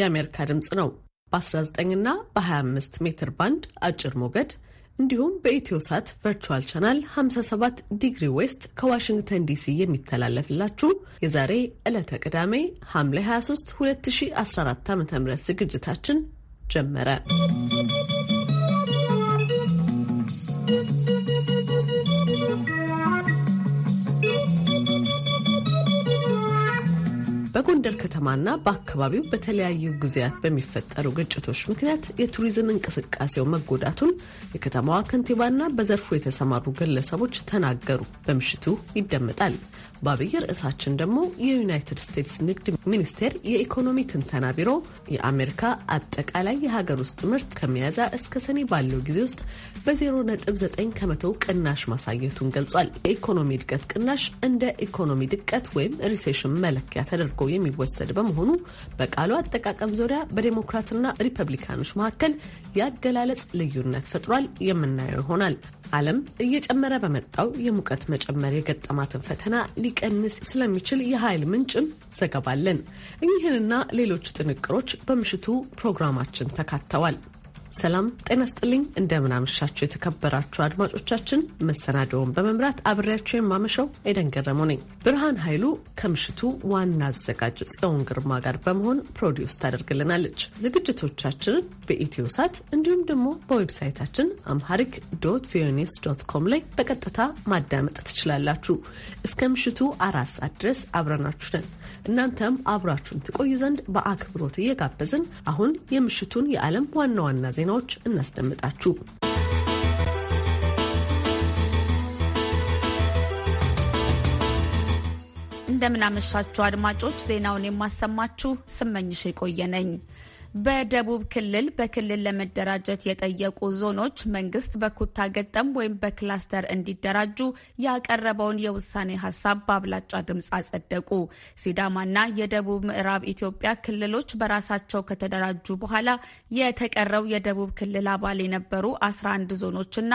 የአሜሪካ ድምፅ ነው። በ19 እና በ25 ሜትር ባንድ አጭር ሞገድ እንዲሁም በኢትዮ ሳት ቨርቹዋል ቻናል 57 ዲግሪ ዌስት ከዋሽንግተን ዲሲ የሚተላለፍላችሁ የዛሬ ዕለተ ቅዳሜ ሐምሌ 23 2014 ዓ ም ዝግጅታችን ጀመረ። በጎንደር ከተማና በአካባቢው በተለያዩ ጊዜያት በሚፈጠሩ ግጭቶች ምክንያት የቱሪዝም እንቅስቃሴው መጎዳቱን የከተማዋ ከንቲባና በዘርፉ የተሰማሩ ግለሰቦች ተናገሩ። በምሽቱ ይደመጣል። በአብይ ርዕሳችን ደግሞ የዩናይትድ ስቴትስ ንግድ ሚኒስቴር የኢኮኖሚ ትንተና ቢሮ የአሜሪካ አጠቃላይ የሀገር ውስጥ ምርት ከሚያዝያ እስከ ሰኔ ባለው ጊዜ ውስጥ በ 09 ከመቶ ቅናሽ ማሳየቱን ገልጿል። የኢኮኖሚ እድገት ቅናሽ እንደ ኢኮኖሚ ድቀት ወይም ሪሴሽን መለኪያ ተደርጎ የሚወሰድ በመሆኑ በቃሉ አጠቃቀም ዙሪያ በዴሞክራትና ሪፐብሊካኖች መካከል ያገላለጽ ልዩነት ፈጥሯል። የምናየው ይሆናል። ዓለም እየጨመረ በመጣው የሙቀት መጨመር የገጠማትን ፈተና ሊቀንስ ስለሚችል የኃይል ምንጭም ዘገባለን። እኚህንና ሌሎች ጥንቅሮች በምሽቱ ፕሮግራማችን ተካተዋል። ሰላም ጤና ስጥልኝ። እንደምናመሻችሁ የተከበራችሁ አድማጮቻችን፣ መሰናደውን በመምራት አብሬያቸው የማመሸው ኤደን ገረሙ ነኝ። ብርሃን ኃይሉ ከምሽቱ ዋና አዘጋጅ ጽዮን ግርማ ጋር በመሆን ፕሮዲውስ ታደርግልናለች። ዝግጅቶቻችንን በኢትዮ ሳት እንዲሁም ደግሞ በዌብሳይታችን አምሃሪክ ዶት ቪኦኤ ኒውስ ዶት ኮም ላይ በቀጥታ ማዳመጥ ትችላላችሁ። እስከ ምሽቱ አራት ሰዓት ድረስ አብረናችሁ ነን። እናንተም አብራችሁን ትቆይ ዘንድ በአክብሮት እየጋበዝን አሁን የምሽቱን የዓለም ዋና ዋና ዜና ዜናዎች እናስደምጣችሁ። እንደምናመሻችሁ አድማጮች፣ ዜናውን የማሰማችሁ ስመኝሽ የቆየ ነኝ። በደቡብ ክልል በክልል ለመደራጀት የጠየቁ ዞኖች መንግስት በኩታ ገጠም ወይም በክላስተር እንዲደራጁ ያቀረበውን የውሳኔ ሀሳብ በአብላጫ ድምፅ አጸደቁ። ሲዳማና የደቡብ ምዕራብ ኢትዮጵያ ክልሎች በራሳቸው ከተደራጁ በኋላ የተቀረው የደቡብ ክልል አባል የነበሩ 11 ዞኖችና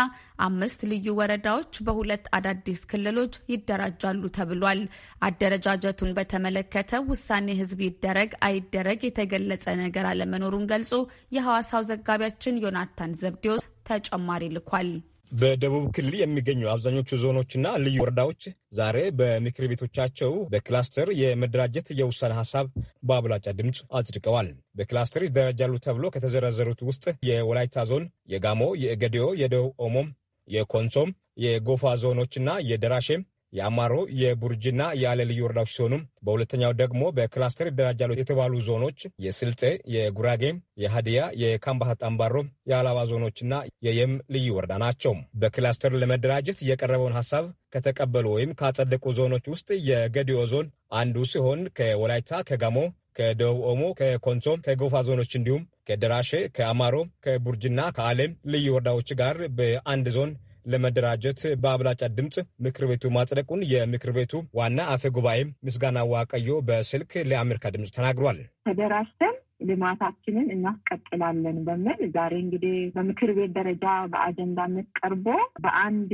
አምስት ልዩ ወረዳዎች በሁለት አዳዲስ ክልሎች ይደራጃሉ ተብሏል። አደረጃጀቱን በተመለከተ ውሳኔ ህዝብ ይደረግ አይደረግ የተገለጸ ነገር አለ አለመኖሩን ገልጾ የሐዋሳው ዘጋቢያችን ዮናታን ዘብዴዎስ ተጨማሪ ልኳል። በደቡብ ክልል የሚገኙ አብዛኞቹ ዞኖችና ልዩ ወረዳዎች ዛሬ በምክር ቤቶቻቸው በክላስተር የመደራጀት የውሳኔ ሀሳብ በአብላጫ ድምፅ አጽድቀዋል። በክላስተር ይደራጃሉ ተብሎ ከተዘረዘሩት ውስጥ የወላይታ ዞን፣ የጋሞ፣ የገዲዮ፣ የደቡብ ኦሞም፣ የኮንሶም፣ የጎፋ ዞኖችና የደራሼም የአማሮ የቡርጅና የአለ ልዩ ወረዳዎች ሲሆኑ በሁለተኛው ደግሞ በክላስተር ይደራጃሉ የተባሉ ዞኖች የስልጤ፣ የጉራጌ፣ የሀዲያ፣ የካምባታ አምባሮ፣ የአላባ ዞኖችና የየም ልዩ ወረዳ ናቸው። በክላስተር ለመደራጀት የቀረበውን ሀሳብ ከተቀበሉ ወይም ካጸደቁ ዞኖች ውስጥ የገዲዮ ዞን አንዱ ሲሆን ከወላይታ፣ ከጋሞ፣ ከደቡብ ኦሞ፣ ከኮንሶ፣ ከጎፋ ዞኖች እንዲሁም ከደራሼ፣ ከአማሮ፣ ከቡርጅና ከአሌም ልዩ ወረዳዎች ጋር በአንድ ዞን ለመደራጀት በአብላጫ ድምፅ ምክር ቤቱ ማጽደቁን የምክር ቤቱ ዋና አፈ ጉባኤ ምስጋና ዋቀዮ በስልክ ለአሜሪካ ድምፅ ተናግሯል። ተደራጅተን ልማታችንን እናስቀጥላለን በሚል ዛሬ እንግዲህ በምክር ቤት ደረጃ በአጀንዳነት ቀርቦ በአንድ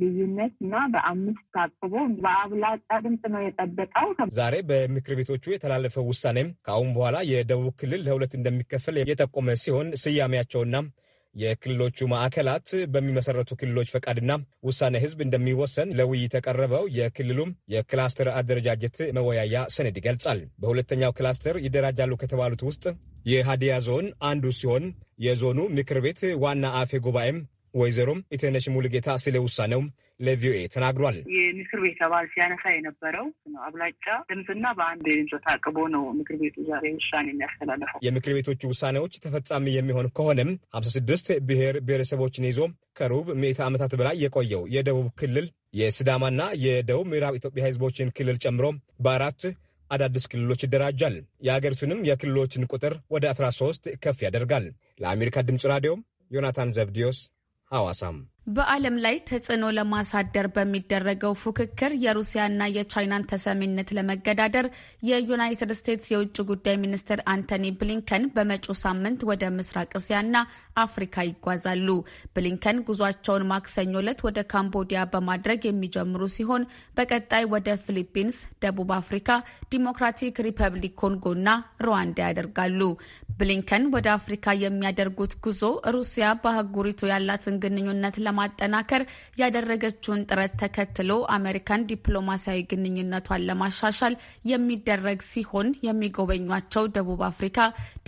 ልዩነት እና በአምስት ታቅቦ በአብላጫ ድምፅ ነው የጠበቀው። ዛሬ በምክር ቤቶቹ የተላለፈው ውሳኔም ከአሁን በኋላ የደቡብ ክልል ለሁለት እንደሚከፈል የጠቆመ ሲሆን ስያሜያቸውና የክልሎቹ ማዕከላት በሚመሰረቱ ክልሎች ፈቃድና ውሳኔ ህዝብ እንደሚወሰን ለውይይት የቀረበው የክልሉም የክላስተር አደረጃጀት መወያያ ሰነድ ይገልጻል። በሁለተኛው ክላስተር ይደራጃሉ ከተባሉት ውስጥ የሃዲያ ዞን አንዱ ሲሆን የዞኑ ምክር ቤት ዋና አፈ ጉባኤም ወይዘሮም የተነሽ ሙሉጌታ ስለ ውሳኔው ለቪኦኤ ተናግሯል። የምክር ቤት አባል ሲያነሳ የነበረው አብላጫ ድምፅና በአንድ ድምፅ ታቅቦ ነው ምክር ቤቱ ዛሬ ውሳኔ የሚያስተላለፈው። የምክር ቤቶቹ ውሳኔዎች ተፈጻሚ የሚሆን ከሆነም ሀምሳ ስድስት ብሔር ብሔረሰቦችን ይዞ ከሩብ ምዕተ ዓመታት በላይ የቆየው የደቡብ ክልል የስዳማና የደቡብ ምዕራብ ኢትዮጵያ ህዝቦችን ክልል ጨምሮ በአራት አዳዲስ ክልሎች ይደራጃል። የአገሪቱንም የክልሎችን ቁጥር ወደ 13 ከፍ ያደርጋል። ለአሜሪካ ድምፅ ራዲዮ ዮናታን ዘብዲዮስ How awesome! በዓለም ላይ ተጽዕኖ ለማሳደር በሚደረገው ፉክክር የሩሲያና የቻይናን ተሰሚነት ለመገዳደር የዩናይትድ ስቴትስ የውጭ ጉዳይ ሚኒስትር አንቶኒ ብሊንከን በመጪው ሳምንት ወደ ምስራቅ እስያና አፍሪካ ይጓዛሉ። ብሊንከን ጉዟቸውን ማክሰኞ ዕለት ወደ ካምቦዲያ በማድረግ የሚጀምሩ ሲሆን በቀጣይ ወደ ፊሊፒንስ፣ ደቡብ አፍሪካ፣ ዲሞክራቲክ ሪፐብሊክ ኮንጎና ሩዋንዳ ያደርጋሉ። ብሊንከን ወደ አፍሪካ የሚያደርጉት ጉዞ ሩሲያ በአህጉሪቱ ያላትን ግንኙነት ለማጠናከር ያደረገችውን ጥረት ተከትሎ አሜሪካን ዲፕሎማሲያዊ ግንኙነቷን ለማሻሻል የሚደረግ ሲሆን የሚጎበኟቸው ደቡብ አፍሪካ፣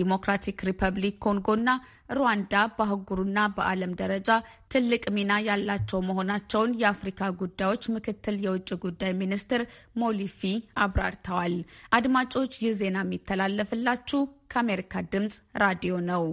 ዲሞክራቲክ ሪፐብሊክ ኮንጎና ሩዋንዳ በአህጉሩና በዓለም ደረጃ ትልቅ ሚና ያላቸው መሆናቸውን የአፍሪካ ጉዳዮች ምክትል የውጭ ጉዳይ ሚኒስትር ሞሊፊ አብራርተዋል። አድማጮች ይህ ዜና የሚተላለፍላችሁ ከአሜሪካ ድምጽ ራዲዮ ነው።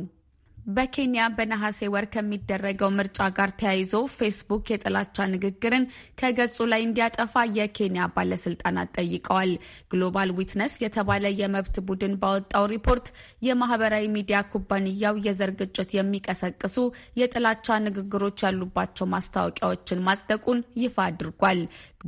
በኬንያ በነሐሴ ወር ከሚደረገው ምርጫ ጋር ተያይዞ ፌስቡክ የጥላቻ ንግግርን ከገጹ ላይ እንዲያጠፋ የኬንያ ባለስልጣናት ጠይቀዋል። ግሎባል ዊትነስ የተባለ የመብት ቡድን ባወጣው ሪፖርት የማህበራዊ ሚዲያ ኩባንያው የዘር ግጭት የሚቀሰቅሱ የጥላቻ ንግግሮች ያሉባቸው ማስታወቂያዎችን ማጽደቁን ይፋ አድርጓል።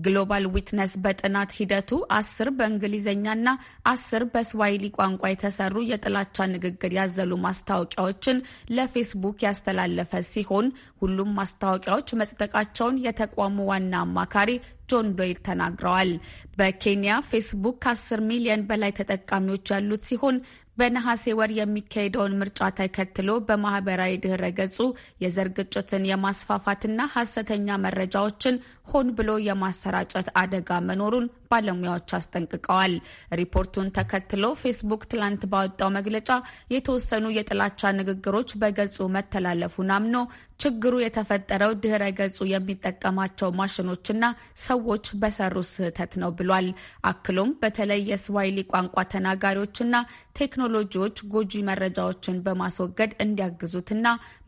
ግሎባል ዊትነስ በጥናት ሂደቱ አስር በእንግሊዝኛና አስር በስዋይሊ ቋንቋ የተሰሩ የጥላቻ ንግግር ያዘሉ ማስታወቂያዎችን ለፌስቡክ ያስተላለፈ ሲሆን ሁሉም ማስታወቂያዎች መጽደቃቸውን የተቋሙ ዋና አማካሪ ጆን ዶይል ተናግረዋል። በኬንያ ፌስቡክ ከ10 ሚሊዮን በላይ ተጠቃሚዎች ያሉት ሲሆን በነሐሴ ወር የሚካሄደውን ምርጫ ተከትሎ በማህበራዊ ድህረ ገጹ የዘር ግጭትን የማስፋፋትና ሐሰተኛ መረጃዎችን ሆን ብሎ የማሰራጨት አደጋ መኖሩን ባለሙያዎች አስጠንቅቀዋል። ሪፖርቱን ተከትሎ ፌስቡክ ትላንት ባወጣው መግለጫ የተወሰኑ የጥላቻ ንግግሮች በገጹ መተላለፉን አምኖ ችግሩ የተፈጠረው ድህረ ገጹ የሚጠቀማቸው ማሽኖችና ሰዎች በሰሩ ስህተት ነው ብሏል። አክሎም በተለይ የስዋይሊ ቋንቋ ተናጋሪዎችና ቴክኖሎጂዎች ጎጂ መረጃዎችን በማስወገድ እንዲያግዙትና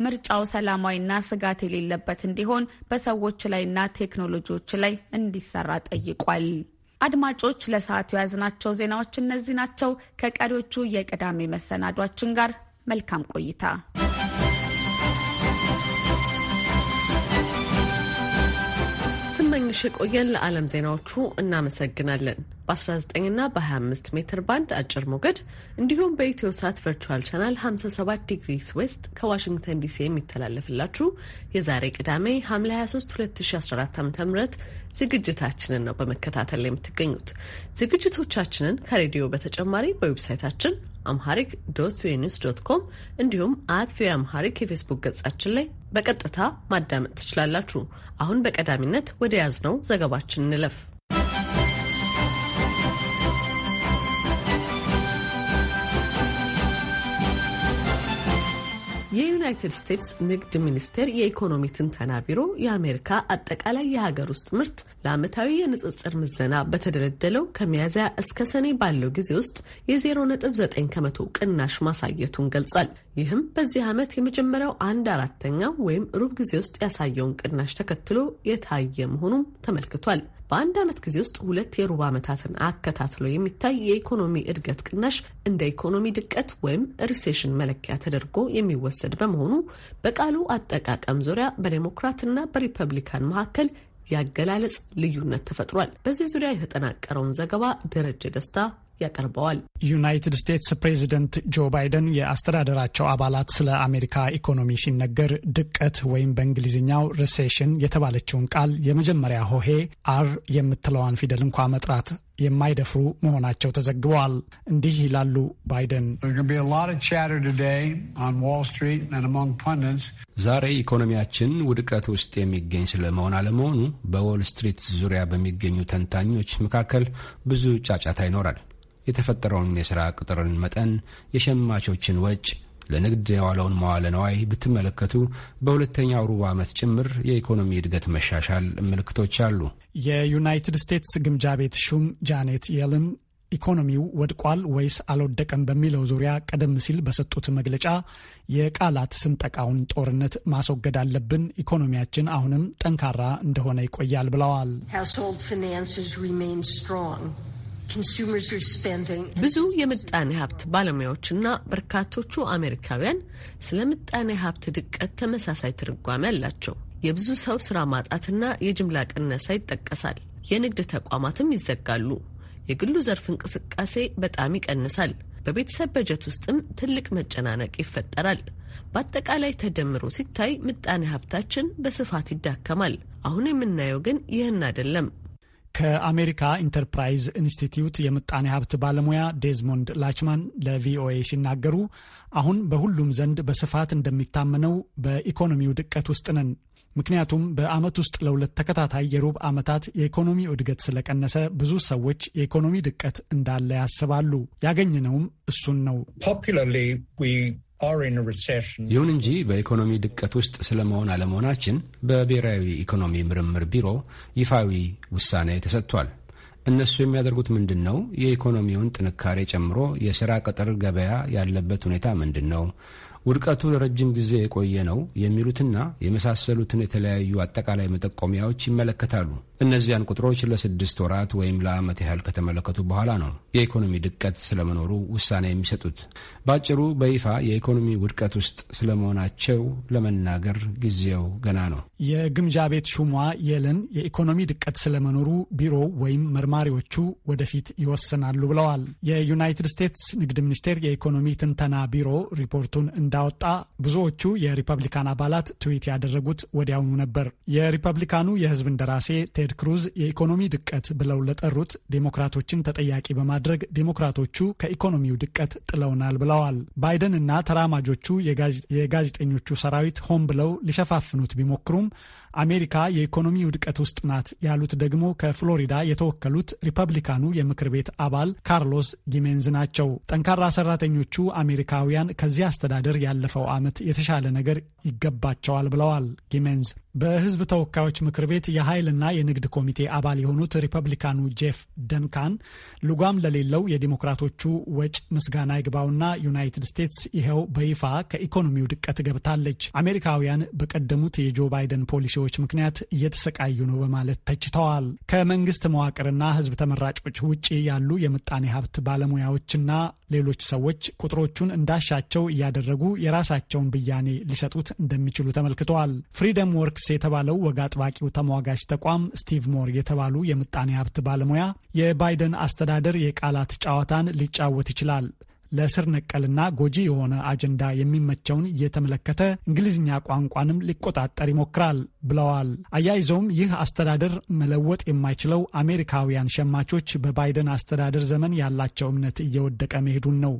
ምርጫው ሰላማዊና ስጋት የሌለበት እንዲሆን በሰዎች ላይና ቴክኖ ቴክኖሎጂዎች ላይ እንዲሰራ ጠይቋል። አድማጮች ለሰዓቱ የያዝናቸው ዜናዎች እነዚህ ናቸው። ከቀሪዎቹ የቅዳሜ መሰናዷችን ጋር መልካም ቆይታ። ስመኝሽ የቆየን ለዓለም ዜናዎቹ እናመሰግናለን። በ19ና በ25 ሜትር ባንድ አጭር ሞገድ እንዲሁም በኢትዮ ሳት ቨርቹዋል ቻናል 57 ዲግሪስ ዌስት ከዋሽንግተን ዲሲ የሚተላለፍላችሁ የዛሬ ቅዳሜ ሐምሌ 23 2014 ዓ.ም ዝግጅታችንን ነው በመከታተል የምትገኙት። ዝግጅቶቻችንን ከሬዲዮ በተጨማሪ በዌብሳይታችን አምሃሪክ ዶት ቪኦኤ ኒውስ ዶት ኮም እንዲሁም አት ቪኦኤ አምሃሪክ የፌስቡክ ገጻችን ላይ በቀጥታ ማዳመጥ ትችላላችሁ። አሁን በቀዳሚነት ወደ ያዝነው ዘገባችን እንለፍ። you የዩናይትድ ስቴትስ ንግድ ሚኒስቴር የኢኮኖሚ ትንተና ቢሮ የአሜሪካ አጠቃላይ የሀገር ውስጥ ምርት ለዓመታዊ የንጽጽር ምዘና በተደለደለው ከሚያዝያ እስከ ሰኔ ባለው ጊዜ ውስጥ የ 09 ከመቶ ቅናሽ ማሳየቱን ገልጿል። ይህም በዚህ ዓመት የመጀመሪያው አንድ አራተኛው ወይም ሩብ ጊዜ ውስጥ ያሳየውን ቅናሽ ተከትሎ የታየ መሆኑም ተመልክቷል። በአንድ ዓመት ጊዜ ውስጥ ሁለት የሩብ ዓመታትን አከታትሎ የሚታይ የኢኮኖሚ እድገት ቅናሽ እንደ ኢኮኖሚ ድቀት ወይም ሪሴሽን መለኪያ ተደርጎ የሚወሰድ በመሆኑ በመሆኑ በቃሉ አጠቃቀም ዙሪያ በዴሞክራትና በሪፐብሊካን መካከል ያገላለጽ ልዩነት ተፈጥሯል። በዚህ ዙሪያ የተጠናቀረውን ዘገባ ደረጀ ደስታ ያቀርበዋል። ዩናይትድ ስቴትስ ፕሬዚደንት ጆ ባይደን የአስተዳደራቸው አባላት ስለ አሜሪካ ኢኮኖሚ ሲነገር ድቀት ወይም በእንግሊዝኛው ሪሴሽን የተባለችውን ቃል የመጀመሪያ ሆሄ አር የምትለዋን ፊደል እንኳ መጥራት የማይደፍሩ መሆናቸው ተዘግበዋል። እንዲህ ይላሉ ባይደን። ዛሬ ኢኮኖሚያችን ውድቀት ውስጥ የሚገኝ ስለመሆን አለመሆኑ በዎል ስትሪት ዙሪያ በሚገኙ ተንታኞች መካከል ብዙ ጫጫታ ይኖራል። የተፈጠረውን የሥራ ቅጥርን መጠን፣ የሸማቾችን ወጭ ለንግድ የዋለውን መዋለ ነዋይ ብትመለከቱ በሁለተኛው ሩብ ዓመት ጭምር የኢኮኖሚ እድገት መሻሻል ምልክቶች አሉ። የዩናይትድ ስቴትስ ግምጃ ቤት ሹም ጃኔት የልም ኢኮኖሚው ወድቋል ወይስ አልወደቀም በሚለው ዙሪያ ቀደም ሲል በሰጡት መግለጫ የቃላት ስንጠቃውን ጦርነት ማስወገድ አለብን፣ ኢኮኖሚያችን አሁንም ጠንካራ እንደሆነ ይቆያል ብለዋል። ብዙ የምጣኔ ሀብት ባለሙያዎችና በርካቶቹ አሜሪካውያን ስለ ምጣኔ ሀብት ድቀት ተመሳሳይ ትርጓሜ አላቸው። የብዙ ሰው ስራ ማጣትና የጅምላ ቅነሳ ይጠቀሳል። የንግድ ተቋማትም ይዘጋሉ። የግሉ ዘርፍ እንቅስቃሴ በጣም ይቀንሳል። በቤተሰብ በጀት ውስጥም ትልቅ መጨናነቅ ይፈጠራል። በአጠቃላይ ተደምሮ ሲታይ ምጣኔ ሀብታችን በስፋት ይዳከማል። አሁን የምናየው ግን ይህን አይደለም። ከአሜሪካ ኢንተርፕራይዝ ኢንስቲትዩት የምጣኔ ሀብት ባለሙያ ዴዝሞንድ ላችማን ለቪኦኤ ሲናገሩ አሁን በሁሉም ዘንድ በስፋት እንደሚታመነው በኢኮኖሚው ድቀት ውስጥ ነን። ምክንያቱም በዓመት ውስጥ ለሁለት ተከታታይ የሩብ ዓመታት የኢኮኖሚ እድገት ስለቀነሰ ብዙ ሰዎች የኢኮኖሚ ድቀት እንዳለ ያስባሉ። ያገኘነውም እሱን ነው። ይሁን እንጂ በኢኮኖሚ ድቀት ውስጥ ስለመሆን አለመሆናችን በብሔራዊ ኢኮኖሚ ምርምር ቢሮ ይፋዊ ውሳኔ ተሰጥቷል። እነሱ የሚያደርጉት ምንድን ነው? የኢኮኖሚውን ጥንካሬ ጨምሮ የሥራ ቅጥር ገበያ ያለበት ሁኔታ ምንድን ነው? ውድቀቱ ለረጅም ጊዜ የቆየ ነው? የሚሉትና የመሳሰሉትን የተለያዩ አጠቃላይ መጠቆሚያዎች ይመለከታሉ። እነዚያን ቁጥሮች ለስድስት ወራት ወይም ለዓመት ያህል ከተመለከቱ በኋላ ነው የኢኮኖሚ ድቀት ስለመኖሩ ውሳኔ የሚሰጡት። በአጭሩ በይፋ የኢኮኖሚ ውድቀት ውስጥ ስለመሆናቸው ለመናገር ጊዜው ገና ነው። የግምጃ ቤት ሹሟ የለን የኢኮኖሚ ድቀት ስለመኖሩ ቢሮው ወይም መርማሪዎቹ ወደፊት ይወስናሉ ብለዋል። የዩናይትድ ስቴትስ ንግድ ሚኒስቴር የኢኮኖሚ ትንተና ቢሮ ሪፖርቱን እንዳወጣ ብዙዎቹ የሪፐብሊካን አባላት ትዊት ያደረጉት ወዲያውኑ ነበር። የሪፐብሊካኑ የህዝብ እንደራሴ ቴድ ክሩዝ የኢኮኖሚ ድቀት ብለው ለጠሩት ዴሞክራቶችን ተጠያቂ በማድረግ ዴሞክራቶቹ ከኢኮኖሚው ድቀት ጥለውናል ብለዋል። ባይደን እና ተራማጆቹ የጋዜጠኞቹ ሰራዊት ሆን ብለው ሊሸፋፍኑት ቢሞክሩም አሜሪካ የኢኮኖሚ ውድቀት ውስጥ ናት ያሉት ደግሞ ከፍሎሪዳ የተወከሉት ሪፐብሊካኑ የምክር ቤት አባል ካርሎስ ጊሜንዝ ናቸው። ጠንካራ ሰራተኞቹ አሜሪካውያን ከዚህ አስተዳደር ያለፈው ዓመት የተሻለ ነገር ይገባቸዋል ብለዋል ጊሜንዝ። በህዝብ ተወካዮች ምክር ቤት የኃይልና የንግድ ኮሚቴ አባል የሆኑት ሪፐብሊካኑ ጄፍ ደንካን ልጓም ለሌለው የዲሞክራቶቹ ወጭ ምስጋና ይግባውና ዩናይትድ ስቴትስ ይኸው በይፋ ከኢኮኖሚው ድቀት ገብታለች፣ አሜሪካውያን በቀደሙት የጆ ባይደን ፖሊሲዎች ምክንያት እየተሰቃዩ ነው በማለት ተችተዋል። ከመንግስት መዋቅርና ህዝብ ተመራጮች ውጭ ያሉ የምጣኔ ሀብት ባለሙያዎችና ሌሎች ሰዎች ቁጥሮቹን እንዳሻቸው እያደረጉ የራሳቸውን ብያኔ ሊሰጡት እንደሚችሉ ተመልክተዋል። ፍሪደም ወርክ ፎረክስ የተባለው ወግ አጥባቂው ተሟጋች ተቋም ስቲቭ ሞር የተባሉ የምጣኔ ሀብት ባለሙያ የባይደን አስተዳደር የቃላት ጨዋታን ሊጫወት ይችላል ለስር ነቀልና ጎጂ የሆነ አጀንዳ የሚመቸውን እየተመለከተ እንግሊዝኛ ቋንቋንም ሊቆጣጠር ይሞክራል ብለዋል። አያይዘውም ይህ አስተዳደር መለወጥ የማይችለው አሜሪካውያን ሸማቾች በባይደን አስተዳደር ዘመን ያላቸው እምነት እየወደቀ መሄዱን ነው።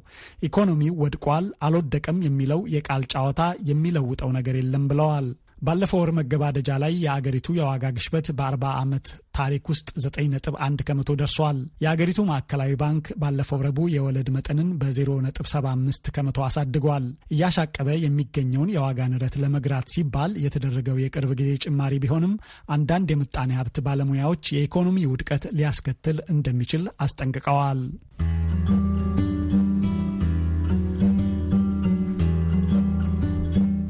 ኢኮኖሚው ወድቋል፣ አልወደቀም የሚለው የቃል ጨዋታ የሚለውጠው ነገር የለም ብለዋል። ባለፈው ወር መገባደጃ ላይ የአገሪቱ የዋጋ ግሽበት በ40 ዓመት ታሪክ ውስጥ 9.1 ከመቶ ደርሷል። የአገሪቱ ማዕከላዊ ባንክ ባለፈው ረቡዕ የወለድ መጠንን በ0.75 ከመቶ አሳድጓል። እያሻቀበ የሚገኘውን የዋጋ ንረት ለመግራት ሲባል የተደረገው የቅርብ ጊዜ ጭማሪ ቢሆንም አንዳንድ የምጣኔ ሀብት ባለሙያዎች የኢኮኖሚ ውድቀት ሊያስከትል እንደሚችል አስጠንቅቀዋል።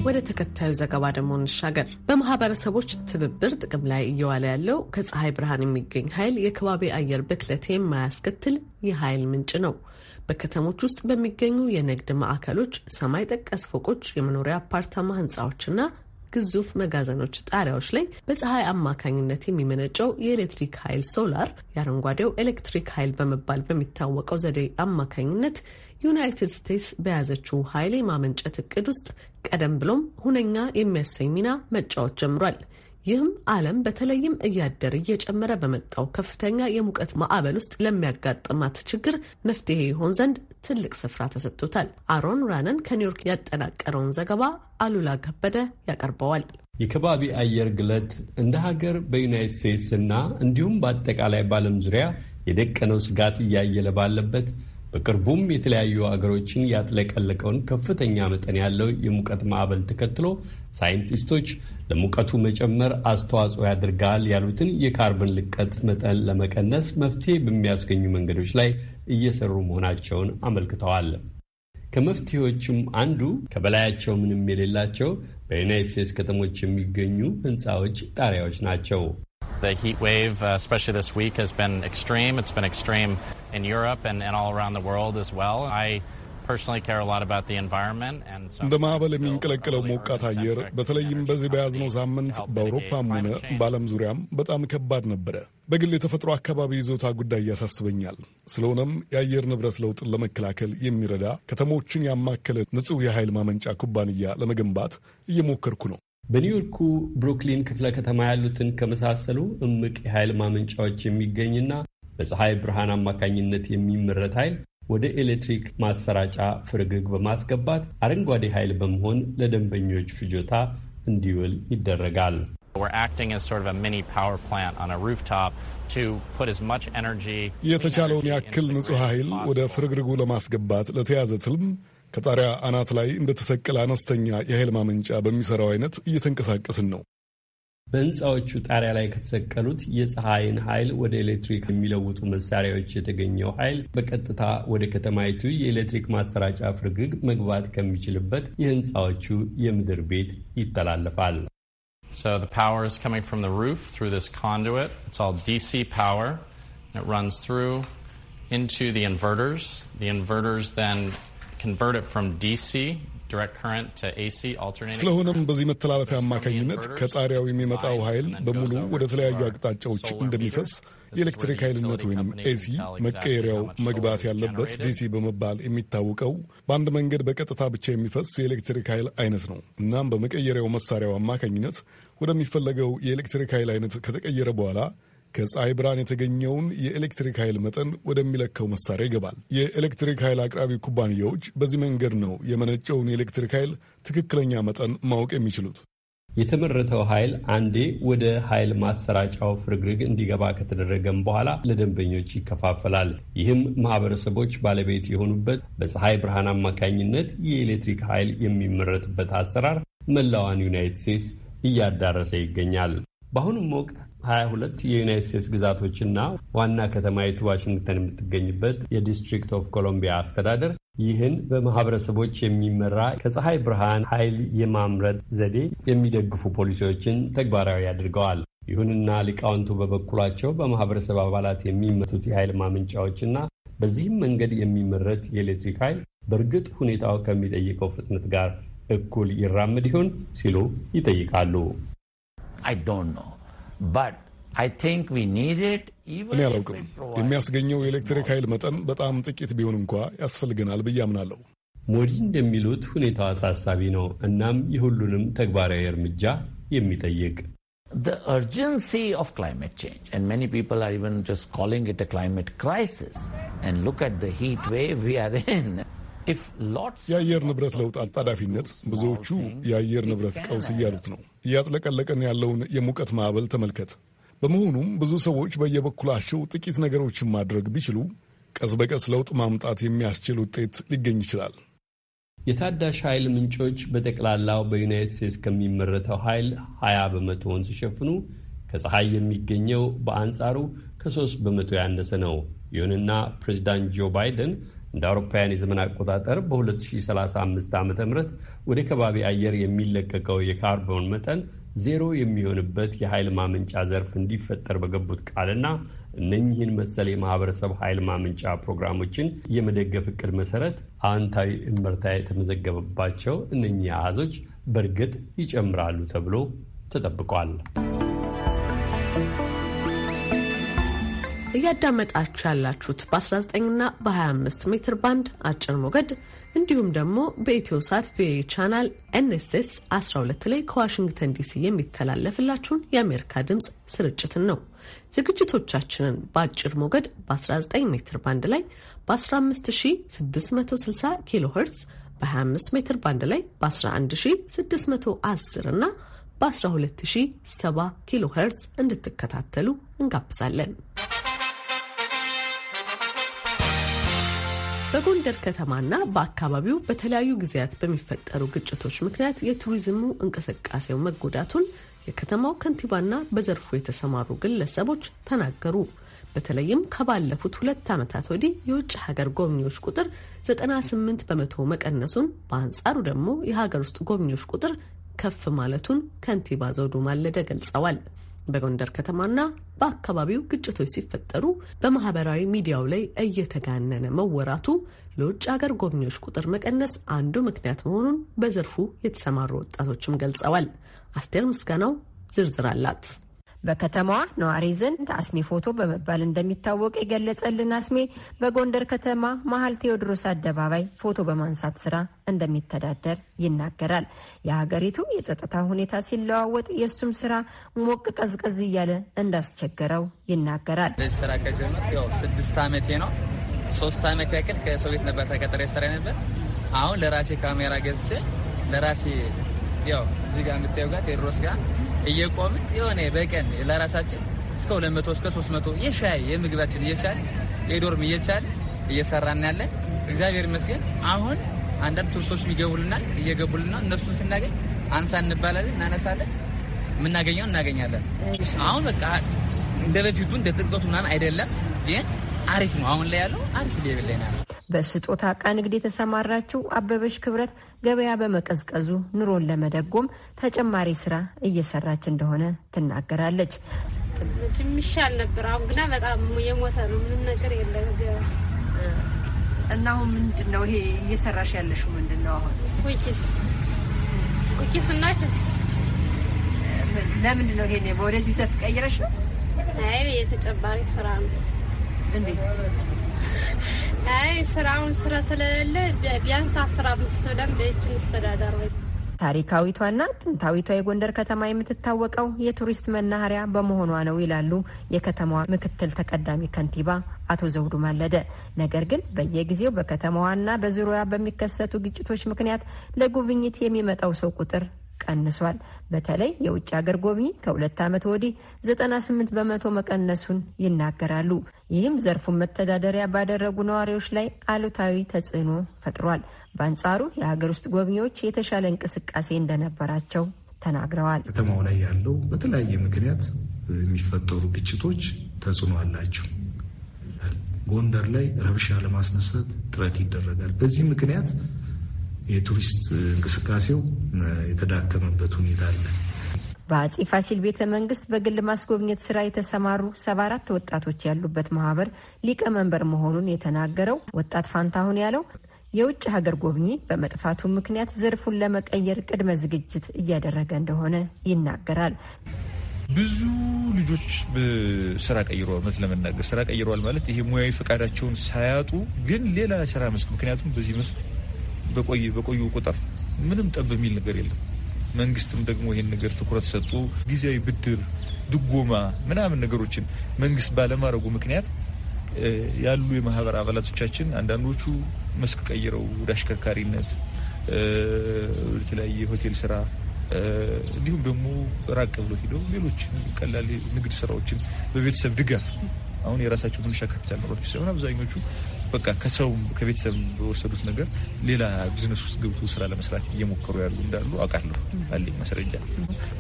ወደ ተከታዩ ዘገባ ደግሞ እንሻገር። በማህበረሰቦች ትብብር ጥቅም ላይ እየዋለ ያለው ከፀሐይ ብርሃን የሚገኝ ኃይል የከባቢ አየር ብክለት የማያስከትል የኃይል ምንጭ ነው። በከተሞች ውስጥ በሚገኙ የንግድ ማዕከሎች፣ ሰማይ ጠቀስ ፎቆች፣ የመኖሪያ አፓርታማ ህንፃዎችና ግዙፍ መጋዘኖች ጣሪያዎች ላይ በፀሐይ አማካኝነት የሚመነጨው የኤሌክትሪክ ኃይል ሶላር የአረንጓዴው ኤሌክትሪክ ኃይል በመባል በሚታወቀው ዘዴ አማካኝነት ዩናይትድ ስቴትስ በያዘችው ኃይል የማመንጨት እቅድ ውስጥ ቀደም ብሎም ሁነኛ የሚያሰኝ ሚና መጫወት ጀምሯል። ይህም ዓለም በተለይም እያደር እየጨመረ በመጣው ከፍተኛ የሙቀት ማዕበል ውስጥ ለሚያጋጥማት ችግር መፍትሄ ይሆን ዘንድ ትልቅ ስፍራ ተሰጥቶታል። አሮን ራነን ከኒውዮርክ ያጠናቀረውን ዘገባ አሉላ ከበደ ያቀርበዋል። የከባቢ አየር ግለት እንደ ሀገር በዩናይት ስቴትስ እና እንዲሁም በአጠቃላይ በዓለም ዙሪያ የደቀነው ስጋት እያየለ ባለበት በቅርቡም የተለያዩ አገሮችን ያጥለቀለቀውን ከፍተኛ መጠን ያለው የሙቀት ማዕበል ተከትሎ ሳይንቲስቶች ለሙቀቱ መጨመር አስተዋጽኦ ያደርጋል ያሉትን የካርበን ልቀት መጠን ለመቀነስ መፍትሄ በሚያስገኙ መንገዶች ላይ እየሰሩ መሆናቸውን አመልክተዋል። ከመፍትሄዎችም አንዱ ከበላያቸው ምንም የሌላቸው በዩናይት ስቴትስ ከተሞች የሚገኙ ህንፃዎች ጣሪያዎች ናቸው። The heat wave, uh, especially this week, has been extreme. It's been extreme in Europe and, and all around the world as well. I personally care a lot about the environment. And so እንደ ማዕበል የሚንቀለቀለው uh, ሞቃት አየር በተለይም በዚህ በያዝነው ሳምንት በአውሮፓም ሆነ በዓለም ዙሪያም በጣም ከባድ ነበረ። በግል የተፈጥሮ አካባቢ ይዞታ ጉዳይ ያሳስበኛል። ስለሆነም የአየር ንብረት ለውጥን ለመከላከል የሚረዳ ከተሞችን ያማከለ ንጹሕ የኃይል ማመንጫ ኩባንያ ለመገንባት እየሞከርኩ ነው። በኒውዮርኩ ብሩክሊን ክፍለ ከተማ ያሉትን ከመሳሰሉ እምቅ የኃይል ማመንጫዎች የሚገኝና በፀሐይ ብርሃን አማካኝነት የሚመረት ኃይል ወደ ኤሌክትሪክ ማሰራጫ ፍርግርግ በማስገባት አረንጓዴ ኃይል በመሆን ለደንበኞች ፍጆታ እንዲውል ይደረጋል። የተቻለውን ያክል ንጹህ ኃይል ወደ ፍርግርጉ ለማስገባት ለተያዘ ትልም ከጣሪያ አናት ላይ እንደተሰቀለ አነስተኛ የኃይል ማመንጫ በሚሠራው አይነት እየተንቀሳቀስን ነው። በህንፃዎቹ ጣሪያ ላይ ከተሰቀሉት የፀሐይን ኃይል ወደ ኤሌክትሪክ የሚለውጡ መሳሪያዎች የተገኘው ኃይል በቀጥታ ወደ ከተማይቱ የኤሌክትሪክ ማሰራጫ ፍርግግ መግባት ከሚችልበት የህንፃዎቹ የምድር ቤት ይተላለፋል። So the power is coming from the roof through this conduit. It's all DC power. It runs through into the inverters. The inverters then ስለሆነም በዚህ መተላለፊያ አማካኝነት ከጣሪያው የሚመጣው ኃይል በሙሉ ወደ ተለያዩ አቅጣጫዎች እንደሚፈስ የኤሌክትሪክ ኃይልነት ወይም ኤሲ መቀየሪያው መግባት ያለበት ዲሲ በመባል የሚታወቀው በአንድ መንገድ በቀጥታ ብቻ የሚፈስ የኤሌክትሪክ ኃይል አይነት ነው። እናም በመቀየሪያው መሳሪያው አማካኝነት ወደሚፈለገው የኤሌክትሪክ ኃይል አይነት ከተቀየረ በኋላ ከፀሐይ ብርሃን የተገኘውን የኤሌክትሪክ ኃይል መጠን ወደሚለካው መሳሪያ ይገባል። የኤሌክትሪክ ኃይል አቅራቢ ኩባንያዎች በዚህ መንገድ ነው የመነጨውን የኤሌክትሪክ ኃይል ትክክለኛ መጠን ማወቅ የሚችሉት። የተመረተው ኃይል አንዴ ወደ ኃይል ማሰራጫው ፍርግርግ እንዲገባ ከተደረገም በኋላ ለደንበኞች ይከፋፈላል። ይህም ማህበረሰቦች ባለቤት የሆኑበት በፀሐይ ብርሃን አማካኝነት የኤሌክትሪክ ኃይል የሚመረትበት አሰራር መላዋን ዩናይትድ ስቴትስ እያዳረሰ ይገኛል። በአሁኑም ወቅት 22 የዩናይት ስቴትስ ግዛቶችና ዋና ከተማይቱ ዋሽንግተን የምትገኝበት የዲስትሪክት ኦፍ ኮሎምቢያ አስተዳደር ይህን በማህበረሰቦች የሚመራ ከፀሐይ ብርሃን ኃይል የማምረት ዘዴ የሚደግፉ ፖሊሲዎችን ተግባራዊ አድርገዋል። ይሁንና ሊቃውንቱ በበኩላቸው በማህበረሰብ አባላት የሚመቱት የኃይል ማመንጫዎችና በዚህም መንገድ የሚመረት የኤሌክትሪክ ኃይል በእርግጥ ሁኔታው ከሚጠይቀው ፍጥነት ጋር እኩል ይራምድ ይሆን ሲሉ ይጠይቃሉ። I don't know. But I think we need it. እኔ አላውቅም። የሚያስገኘው የኤሌክትሪክ ኃይል መጠን በጣም ጥቂት ቢሆን እንኳ ያስፈልገናል ብዬ አምናለሁ። ሞዲ እንደሚሉት ሁኔታው አሳሳቢ ነው፣ እናም የሁሉንም ተግባራዊ እርምጃ የሚጠይቅ The urgency of climate change, and many people are even just calling it a climate crisis. And look at the heat wave we are in. If lots. የአየር ንብረት ለውጥ አጣዳፊነት ብዙዎቹ የአየር ንብረት ቀውስ እያሉት ነው። እያጥለቀለቀን ያለውን የሙቀት ማዕበል ተመልከት። በመሆኑም ብዙ ሰዎች በየበኩላቸው ጥቂት ነገሮችን ማድረግ ቢችሉ ቀስ በቀስ ለውጥ ማምጣት የሚያስችል ውጤት ሊገኝ ይችላል። የታዳሽ ኃይል ምንጮች በጠቅላላው በዩናይትድ ስቴትስ ከሚመረተው ኃይል 20 በመቶውን ሲሸፍኑ ከፀሐይ የሚገኘው በአንጻሩ ከ3 በመቶ ያነሰ ነው። ይሁንና ፕሬዚዳንት ጆ ባይደን እንደ አውሮፓውያን የዘመን አቆጣጠር በ2035 ዓ ም ወደ ከባቢ አየር የሚለቀቀው የካርቦን መጠን ዜሮ የሚሆንበት የኃይል ማመንጫ ዘርፍ እንዲፈጠር በገቡት ቃልና እነኚህን መሰል የማህበረሰብ ኃይል ማመንጫ ፕሮግራሞችን የመደገፍ እቅድ መሰረት አዎንታዊ እምርታ የተመዘገበባቸው እነኚህ አሃዞች በእርግጥ ይጨምራሉ ተብሎ ተጠብቋል። እያዳመጣችሁ ያላችሁት በ19ና በ25 ሜትር ባንድ አጭር ሞገድ እንዲሁም ደግሞ በኢትዮ ሳት ቪኦኤ ቻናል ኤንኤስኤስ 12 ላይ ከዋሽንግተን ዲሲ የሚተላለፍላችሁን የአሜሪካ ድምፅ ስርጭትን ነው። ዝግጅቶቻችንን በአጭር ሞገድ በ19 ሜትር ባንድ ላይ በ15660 ኪሎ ሄርትስ በ25 ሜትር ባንድ ላይ በ11610 እና በ12070 ኪሎ ሄርዝ እንድትከታተሉ እንጋብዛለን። በጎንደር ከተማና በአካባቢው በተለያዩ ጊዜያት በሚፈጠሩ ግጭቶች ምክንያት የቱሪዝሙ እንቅስቃሴው መጎዳቱን የከተማው ከንቲባና በዘርፉ የተሰማሩ ግለሰቦች ተናገሩ። በተለይም ከባለፉት ሁለት ዓመታት ወዲህ የውጭ ሀገር ጎብኚዎች ቁጥር 98 በመቶ መቀነሱን፣ በአንጻሩ ደግሞ የሀገር ውስጥ ጎብኚዎች ቁጥር ከፍ ማለቱን ከንቲባ ዘውዱ ማለደ ገልጸዋል። በጎንደር ከተማና በአካባቢው ግጭቶች ሲፈጠሩ በማህበራዊ ሚዲያው ላይ እየተጋነነ መወራቱ ለውጭ ሀገር ጎብኚዎች ቁጥር መቀነስ አንዱ ምክንያት መሆኑን በዘርፉ የተሰማሩ ወጣቶችም ገልጸዋል። አስቴር ምስጋናው ዝርዝር አላት። በከተማዋ ነዋሪ ዘንድ አስሜ ፎቶ በመባል እንደሚታወቅ የገለጸልን አስሜ በጎንደር ከተማ መሀል ቴዎድሮስ አደባባይ ፎቶ በማንሳት ስራ እንደሚተዳደር ይናገራል። የሀገሪቱ የጸጥታ ሁኔታ ሲለዋወጥ የእሱም ስራ ሞቅ ቀዝቀዝ እያለ እንዳስቸገረው ይናገራል። ስራ ከጀመርኩ ያው ስድስት አመቴ ነው። ሶስት አመት ያክል ከሰው ቤት ነበር ተቀጥሬ ስራ ነበር። አሁን ለራሴ ካሜራ ገዝቼ ለራሴ ያው እዚህ ጋር የምታየው ጋር ቴዎድሮስ ጋር እየቆምን የሆነ በቀን ለራሳችን እስከ 200 እስከ 300 የሻይ የምግባችን እየቻለ የዶርም እየቻለ እየሰራን ያለ እግዚአብሔር ይመስገን። አሁን አንዳንድ ቱሪስቶች ይገቡልናል እየገቡልናል። እነሱን ስናገኝ አንሳ እንባላለን፣ እናነሳለን፣ የምናገኘው እናገኛለን። አሁን በቃ እንደ በፊቱ እንደ ጥቅጦቱ ምናምን አይደለም ግን አሪፍ ነው። አሁን ላይ ያለው አሪፍ ሌብል ላይ ነው። በስጦታ ዕቃ ንግድ የተሰማራችው አበበሽ ክብረት ገበያ በመቀዝቀዙ ኑሮን ለመደጎም ተጨማሪ ስራ እየሰራች እንደሆነ ትናገራለች። ትንሽ ነበር፣ አሁን ግና በጣም የሞተ ነው። ምንም ነገር የለ። እና አሁን ምንድን ነው ይሄ እየሰራሽ ያለሽው ምንድን ነው? አሁን ኩኪስ ኩኪስ እና ችፕስ። ለምንድን ነው ይሄ ወደዚህ ዘፍ ቀይረሽ ነው? አይ የተጨማሪ ስራ ነው እንዴት? አይ ስራውን ስራ ስለሌለ ቢያንስ አስራ አምስት ብለን ታሪካዊቷና ጥንታዊቷ የጎንደር ከተማ የምትታወቀው የቱሪስት መናኸሪያ በመሆኗ ነው ይላሉ የከተማዋ ምክትል ተቀዳሚ ከንቲባ አቶ ዘውዱ ማለደ። ነገር ግን በየጊዜው በከተማዋና በዙሪያ በሚከሰቱ ግጭቶች ምክንያት ለጉብኝት የሚመጣው ሰው ቁጥር ቀንሷል። በተለይ የውጭ ሀገር ጎብኚ ከሁለት ዓመት ወዲህ 98 በመቶ መቀነሱን ይናገራሉ። ይህም ዘርፉን መተዳደሪያ ባደረጉ ነዋሪዎች ላይ አሉታዊ ተጽዕኖ ፈጥሯል። በአንጻሩ የሀገር ውስጥ ጎብኚዎች የተሻለ እንቅስቃሴ እንደነበራቸው ተናግረዋል። ከተማው ላይ ያለው በተለያየ ምክንያት የሚፈጠሩ ግጭቶች ተጽዕኖ አላቸው። ጎንደር ላይ ረብሻ ለማስነሳት ጥረት ይደረጋል። በዚህ ምክንያት የቱሪስት እንቅስቃሴው የተዳከመበት ሁኔታ አለ። በአጼ ፋሲል ቤተ መንግስት በግል ማስጎብኘት ስራ የተሰማሩ ሰባ አራት ወጣቶች ያሉበት ማህበር ሊቀመንበር መሆኑን የተናገረው ወጣት ፋንታሁን ያለው የውጭ ሀገር ጎብኚ በመጥፋቱ ምክንያት ዘርፉን ለመቀየር ቅድመ ዝግጅት እያደረገ እንደሆነ ይናገራል። ብዙ ልጆች ስራ ቀይሮ መት ለመናገር ስራ ቀይሯል ማለት ይሄ ሙያዊ ፈቃዳቸውን ሳያጡ ግን ሌላ ስራ መስክ ምክንያቱም በዚህ መስክ በቆዩ በቆዩ ቁጥር ምንም ጠብ የሚል ነገር የለም። መንግስትም ደግሞ ይህን ነገር ትኩረት ሰጡ። ጊዜያዊ ብድር፣ ድጎማ ምናምን ነገሮችን መንግስት ባለማድረጉ ምክንያት ያሉ የማህበር አባላቶቻችን አንዳንዶቹ መስክ ቀይረው ወደ አሽከርካሪነት፣ የተለያየ ሆቴል ስራ እንዲሁም ደግሞ ራቅ ብሎ ሂደው ሌሎች ቀላል ንግድ ስራዎችን በቤተሰብ ድጋፍ አሁን የራሳቸው መነሻ ካፒታል ኖሯቸው ሳይሆን አብዛኞቹ በቃ ከሰው ከቤተሰብ በወሰዱት ነገር ሌላ ቢዝነስ ውስጥ ገብቶ ስራ ለመስራት እየሞከሩ ያሉ እንዳሉ አውቃለሁ። አለ ማስረጃ።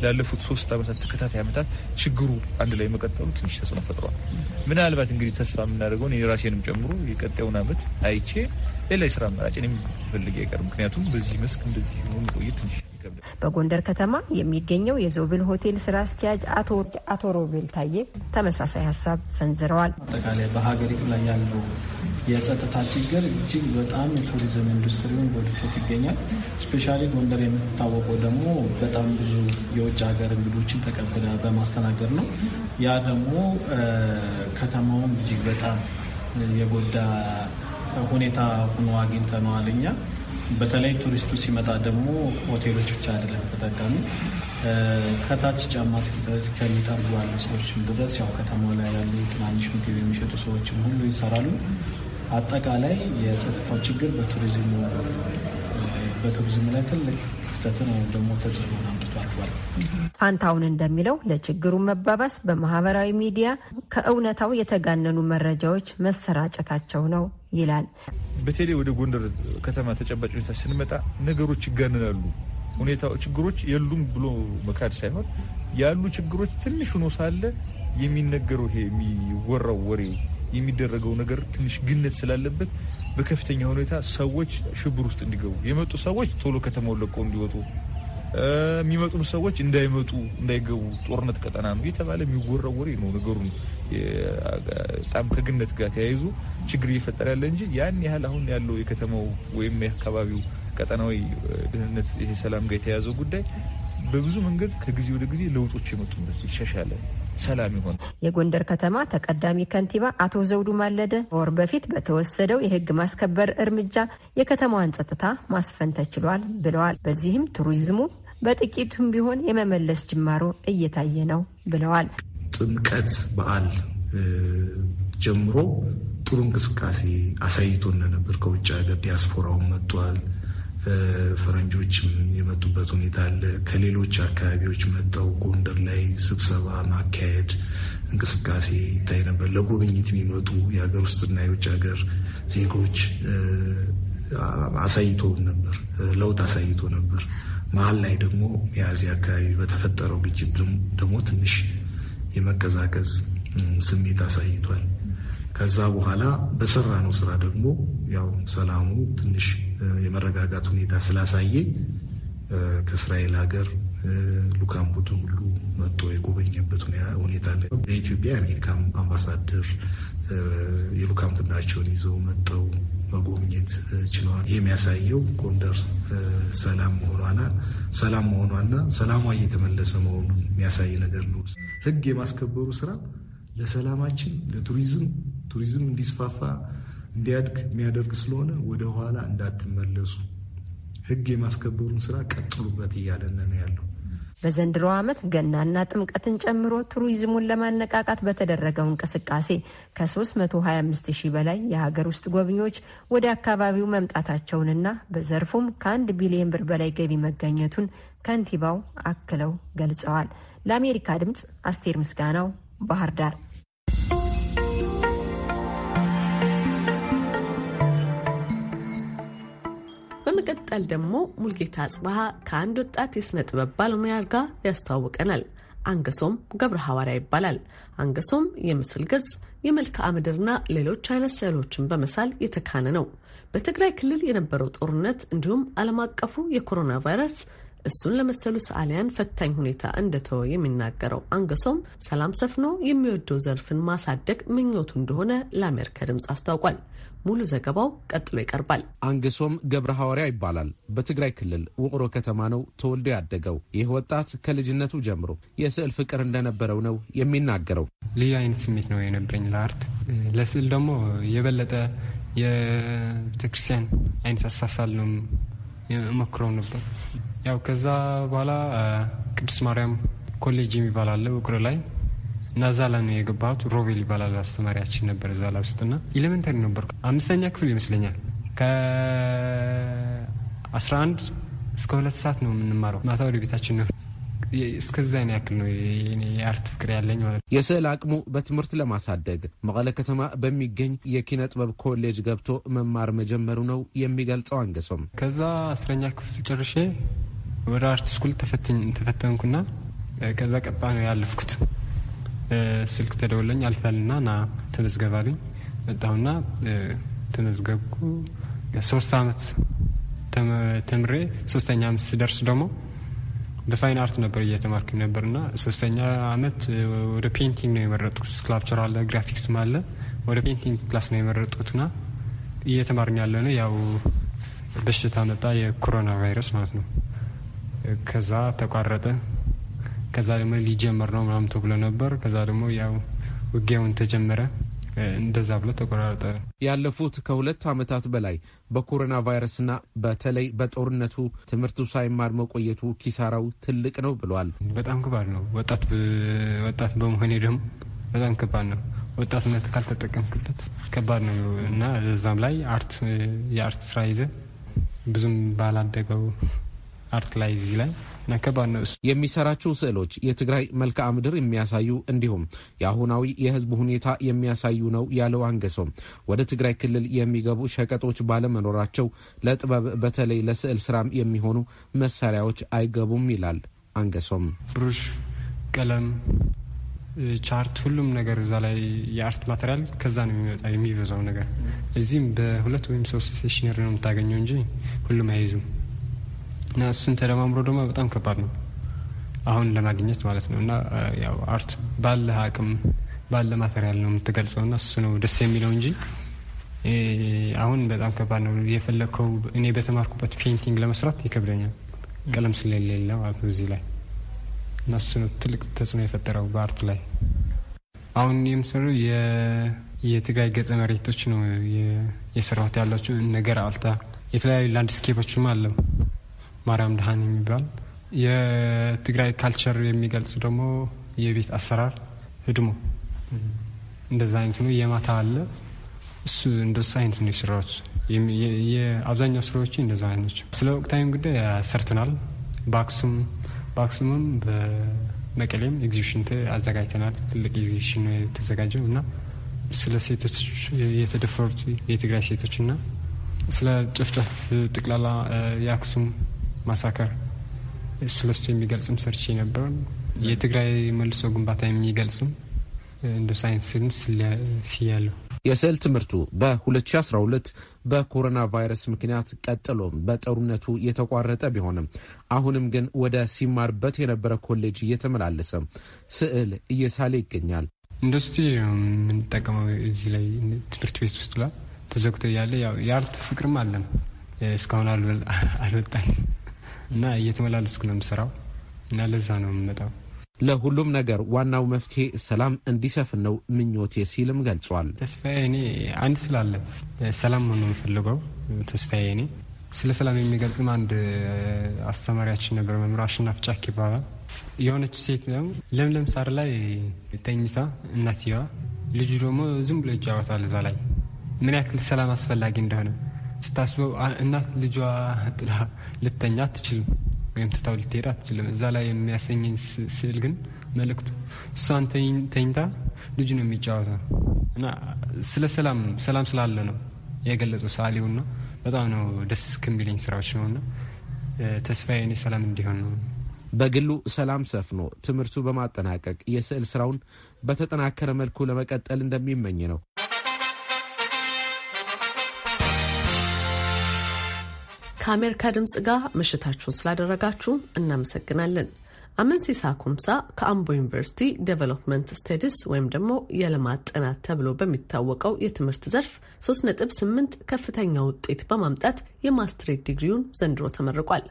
ላለፉት ሶስት ዓመታት ተከታታይ ዓመታት ችግሩ አንድ ላይ መቀጠሉ ትንሽ ተጽዕኖ ፈጥሯል። ምናልባት እንግዲህ ተስፋ የምናደርገውን የራሴንም ጨምሮ የቀጣዩን ዓመት አይቼ ሌላ የስራ አማራጭ ፈልግ አይቀር። ምክንያቱም በዚህ መስክ እንደዚህ ሆኑ ቆይ ትንሽ በጎንደር ከተማ የሚገኘው የዞብል ሆቴል ስራ አስኪያጅ አቶ ሮቤል ታዬ ተመሳሳይ ሀሳብ ሰንዝረዋል። አጠቃላይ በሀገሪቱ ላይ ያለው የጸጥታ ችግር እጅግ በጣም የቱሪዝም ኢንዱስትሪውን ጎድቶት ይገኛል። ስፔሻሊ ጎንደር የምትታወቀው ደግሞ በጣም ብዙ የውጭ ሀገር እንግዶችን ተቀብላ በማስተናገድ ነው። ያ ደግሞ ከተማውን እጅግ በጣም የጎዳ ሁኔታ ሆኖ አግኝተነዋል እኛ በተለይ ቱሪስቱ ሲመጣ ደግሞ ሆቴሎች ብቻ አይደለም ተጠቃሚ ከታች ጫማ እስከሚጠርጉ ያሉ ሰዎችም ድረስ ያው ከተማው ላይ ያሉ ትናንሽ ምግብ የሚሸጡ ሰዎችም ሁሉ ይሰራሉ። አጠቃላይ የጸጥታው ችግር በቱሪዝሙ በቱሪዝሙ ላይ ትልቅ ክፍተትን ወይም ደግሞ ተጽዕኖን አምጥቶ አልፏል። ፋንታውን እንደሚለው ለችግሩ መባባስ በማህበራዊ ሚዲያ ከእውነታው የተጋነኑ መረጃዎች መሰራጨታቸው ነው ይላል። በተለይ ወደ ጎንደር ከተማ ተጨባጭ ሁኔታ ስንመጣ ነገሮች ይጋነናሉ። ሁኔታ ችግሮች የሉም ብሎ መካድ ሳይሆን ያሉ ችግሮች ትንሽ ሆኖ ሳለ የሚነገረው ይሄ የሚወራው ወሬ የሚደረገው ነገር ትንሽ ግነት ስላለበት በከፍተኛ ሁኔታ ሰዎች ሽብር ውስጥ እንዲገቡ የመጡ ሰዎች ቶሎ ከተማውን ለቀው እንዲወጡ የሚመጡም ሰዎች እንዳይመጡ እንዳይገቡ ጦርነት ቀጠና ነው እየተባለ የሚወራ ወሬ ነው። ነገሩን በጣም ከግነት ጋር ተያይዞ ችግር እየፈጠረ ያለ እንጂ ያን ያህል አሁን ያለው የከተማው ወይም የአካባቢው ቀጠናዊ ደህንነት ይሄ ሰላም ጋር የተያያዘው ጉዳይ በብዙ መንገድ ከጊዜ ወደ ጊዜ ለውጦች የመጡበት ይሻሻለ ሰላም ይሆን። የጎንደር ከተማ ተቀዳሚ ከንቲባ አቶ ዘውዱ ማለደ ወር በፊት በተወሰደው የህግ ማስከበር እርምጃ የከተማዋን ጸጥታ ማስፈን ተችሏል ብለዋል። በዚህም ቱሪዝሙ በጥቂቱም ቢሆን የመመለስ ጅማሮ እየታየ ነው ብለዋል። ጥምቀት በዓል ጀምሮ ጥሩ እንቅስቃሴ አሳይቶ እንደነበር ከውጭ ሀገር ዲያስፖራውን መጥቷል። ፈረንጆችም የመጡበት ሁኔታ አለ። ከሌሎች አካባቢዎች መጠው ጎንደር ላይ ስብሰባ ማካሄድ እንቅስቃሴ ይታይ ነበር። ለጉብኝት የሚመጡ የሀገር ውስጥና የውጭ ሀገር ዜጎች አሳይቶን ነበር፣ ለውጥ አሳይቶ ነበር። መሀል ላይ ደግሞ ሚያዝያ አካባቢ በተፈጠረው ግጭት ደግሞ ትንሽ የመቀዛቀዝ ስሜት አሳይቷል። ከዛ በኋላ በሰራ ነው ስራ ደግሞ ያው ሰላሙ ትንሽ የመረጋጋት ሁኔታ ስላሳየ ከእስራኤል ሀገር ሉካም ቡድን ሁሉ መጥቶ የጎበኘበት ሁኔታ አለ። በኢትዮጵያ የአሜሪካ አምባሳደር የሉካም ቡድናቸውን ይዘው መጠው መጎብኘት ችለዋል። ይህ የሚያሳየው ጎንደር ሰላም መሆኗና ሰላም መሆኗና ሰላሟ እየተመለሰ መሆኑን የሚያሳይ ነገር ነው። ህግ የማስከበሩ ስራ ለሰላማችን፣ ለቱሪዝም ቱሪዝም እንዲስፋፋ እንዲያድግ የሚያደርግ ስለሆነ ወደ ኋላ እንዳትመለሱ፣ ህግ የማስከበሩን ስራ ቀጥሉበት እያለን ነው ያለው። በዘንድሮ ዓመት ገናና ጥምቀትን ጨምሮ ቱሪዝሙን ለማነቃቃት በተደረገው እንቅስቃሴ ከ325 ሺህ በላይ የሀገር ውስጥ ጎብኚዎች ወደ አካባቢው መምጣታቸውንና በዘርፉም ከአንድ ቢሊዮን ብር በላይ ገቢ መገኘቱን ከንቲባው አክለው ገልጸዋል። ለአሜሪካ ድምፅ አስቴር ምስጋናው ባህር ዳር በመቀጠል ደግሞ ሙልጌታ አጽባሃ ከአንድ ወጣት የሥነ ጥበብ ባለሙያ ጋር ያስተዋውቀናል። አንገሶም ገብረ ሐዋርያ ይባላል። አንገሶም የምስል ገጽ፣ የመልክዓ ምድርና ሌሎች አይነት ስዕሎችን በመሳል የተካነ ነው። በትግራይ ክልል የነበረው ጦርነት እንዲሁም ዓለም አቀፉ የኮሮና ቫይረስ እሱን ለመሰሉ ሰዓሊያን ፈታኝ ሁኔታ እንደተወ የሚናገረው አንገሶም ሰላም ሰፍኖ የሚወደው ዘርፍን ማሳደግ ምኞቱ እንደሆነ ለአሜሪካ ድምፅ አስታውቋል። ሙሉ ዘገባው ቀጥሎ ይቀርባል። አንግሶም ገብረ ሐዋርያ ይባላል። በትግራይ ክልል ውቅሮ ከተማ ነው ተወልዶ ያደገው። ይህ ወጣት ከልጅነቱ ጀምሮ የስዕል ፍቅር እንደነበረው ነው የሚናገረው። ልዩ አይነት ስሜት ነው የነበረኝ ለአርት፣ ለስዕል ደግሞ የበለጠ የቤተክርስቲያን አይነት አሳሳል ነው ሞክረው ነበር። ያው ከዛ በኋላ ቅድስት ማርያም ኮሌጅ የሚባል አለ ውቅሮ ላይ እና እዛ ላይ ነው የገባሁት። ሮቤል ይባላል አስተማሪያችን ነበር እዛ ላይ ውስጥ ና ኢሌመንተሪ ነበር አምስተኛ ክፍል ይመስለኛል። አንድ እስከ ሁለት ሰዓት ነው የምንማረው። ማታ ወደ ቤታችን ነው። እስከዛ ነው ያክል ነው የአርት ፍቅር ያለኝ ማለት ነው። የስዕል አቅሙ በትምህርት ለማሳደግ መቀለ ከተማ በሚገኝ የኪነ ጥበብ ኮሌጅ ገብቶ መማር መጀመሩ ነው የሚገልጸው። አንገሶም ከዛ አስረኛ ክፍል ጨርሼ ወደ አርት ስኩል ተፈተንኩና ከዛ ቀጣ ነው ያለፍኩት። ስልክ ተደውለኝ አልፋልና ና ተመዝገባልኝ መጣሁና ተመዝገብኩ። ሶስት አመት ተምሬ ሶስተኛ አመት ስደርስ ደግሞ በፋይን አርት ነበር እየተማርኩኝ ነበርና ሶስተኛ አመት ወደ ፔንቲንግ ነው የመረጥኩት። ስክላፕቸር አለ፣ ግራፊክስም አለ። ወደ ፔንቲንግ ክላስ ነው የመረጥኩትና እየተማርን ያለ ነው ያው በሽታ መጣ፣ የኮሮና ቫይረስ ማለት ነው። ከዛ ተቋረጠ። ከዛ ደግሞ ሊጀመር ነው ምናምን ተብሎ ነበር። ከዛ ደግሞ ያው ውጊያውን ተጀመረ። እንደዛ ብሎ ተቆራረጠ። ያለፉት ከሁለት ዓመታት በላይ በኮሮና ቫይረስና በተለይ በጦርነቱ ትምህርቱ ሳይማር መቆየቱ ኪሳራው ትልቅ ነው ብሏል። በጣም ከባድ ነው። ወጣት በመሆኔ ደግሞ በጣም ከባድ ነው። ወጣትነት ካልተጠቀምክበት ከባድ ነው እና እዛም ላይ አርት የአርት ስራ ይዘ ብዙም ባላደገው አርት ላይ እዚህ ላይ ነከባድ ነው። የሚሰራቸው ስዕሎች የትግራይ መልክዓ ምድር የሚያሳዩ እንዲሁም የአሁናዊ የህዝብ ሁኔታ የሚያሳዩ ነው ያለው አንገሶም። ወደ ትግራይ ክልል የሚገቡ ሸቀጦች ባለመኖራቸው ለጥበብ በተለይ ለስዕል ስራም የሚሆኑ መሳሪያዎች አይገቡም ይላል አንገሶም። ብሩሽ፣ ቀለም፣ ቻርት፣ ሁሉም ነገር እዛ ላይ የአርት ማቴሪያል ከዛ ነው የሚበዛው ነገር። እዚህም በሁለት ወይም ሶስት ሴሽነሪ ነው የምታገኘው እንጂ ሁሉም አይይዙም። እና እሱን ተደማምሮ ደግሞ በጣም ከባድ ነው አሁን ለማግኘት ማለት ነው። እና ያው አርት ባለ አቅም ባለ ማቴሪያል ነው የምትገልጸው እና እሱ ነው ደስ የሚለው እንጂ አሁን በጣም ከባድ ነው። የፈለግከው እኔ በተማርኩበት ፔይንቲንግ ለመስራት ይከብደኛል ቀለም ስለሌለ ማለት ነው እዚህ ላይ እና እሱ ነው ትልቅ ተጽዕኖ የፈጠረው በአርት ላይ። አሁን የምሰሩ የትግራይ ገጸ መሬቶች ነው የስራት ያላቸው ነገር አልታ የተለያዩ ላንድስኬፖችም አለው ማርያም ደሃን የሚባል የትግራይ ካልቸር የሚገልጽ ደግሞ የቤት አሰራር ህድሞ እንደዛ አይነት ነው። የማታ አለ እሱ እንደዚ አይነት ነው የስራዎች የአብዛኛው ስራዎች እንደዚ አይነት ናቸው። ስለ ወቅታዊም ጉዳይ ሰርተናል። በአክሱም በአክሱምም በመቀሌም ኤግዚቢሽን አዘጋጅተናል። ትልቅ ኤግዚቢሽን ነው የተዘጋጀው እና ስለ ሴቶች የተደፈሩት የትግራይ ሴቶች እና ስለ ጭፍጨፍ ጥቅላላ የአክሱም ማሳከር ስለሱ የሚገልጽም ሰርች ነበር። የትግራይ መልሶ ግንባታ የሚገልጽም እንደ ሳይንስም ስያለሁ። የስዕል ትምህርቱ በ2012 በኮሮና ቫይረስ ምክንያት ቀጥሎም በጠሩነቱ የተቋረጠ ቢሆንም አሁንም ግን ወደ ሲማርበት የነበረ ኮሌጅ እየተመላለሰ ስዕል እየሳለ ይገኛል። ኢንዱስትሪ የምንጠቀመው እዚህ ላይ ትምህርት ቤት ውስጥ ላ ተዘግቶ ያለ የአርት ፍቅርም አለን እስካሁን አልበጣል እና እየተመላለስኩ ነው የምሰራው እና ለዛ ነው የምመጣው። ለሁሉም ነገር ዋናው መፍትሄ ሰላም እንዲሰፍን ነው ምኞቴ ሲልም ገልጿል። ተስፋዬ እኔ አንድ ስላለ ሰላም ሆኖ የምፈልገው። ተስፋዬ እኔ ስለ ሰላም የሚገልጽም አንድ አስተማሪያችን ነበር፣ መምህር አሸናፍ ጫክ ይባላል። የሆነች ሴት ለምለም ሳር ላይ ተኝታ እናትየዋ ልጁ ደግሞ ዝም ብሎ ይጫወታል እዛ ላይ ምን ያክል ሰላም አስፈላጊ እንደሆነ ስታስበው እናት ልጇ ጥላ ልተኛ አትችልም፣ ወይም ትታው ልትሄድ አትችልም። እዛ ላይ የሚያሰኘኝ ስዕል ግን መልእክቱ እሷን ተኝታ ልጁ ነው የሚጫወተው እና ስለ ሰላም ሰላም ስላለ ነው የገለጸው ሰዓሊውና በጣም ነው ደስ ከሚለኝ ስራዎች ነውና ተስፋዬ እኔ ሰላም እንዲሆን ነው። በግሉ ሰላም ሰፍኖ ትምህርቱ በማጠናቀቅ የስዕል ስራውን በተጠናከረ መልኩ ለመቀጠል እንደሚመኝ ነው ከአሜሪካ ድምፅ ጋር ምሽታችሁን ስላደረጋችሁ እናመሰግናለን። አመንሲሳ ኩምሳ ከአምቦ ዩኒቨርሲቲ ዴቨሎፕመንት ስቴዲስ ወይም ደግሞ የልማት ጥናት ተብሎ በሚታወቀው የትምህርት ዘርፍ 3.8 ከፍተኛ ውጤት በማምጣት የማስትሬት ዲግሪውን ዘንድሮ ተመርቋል።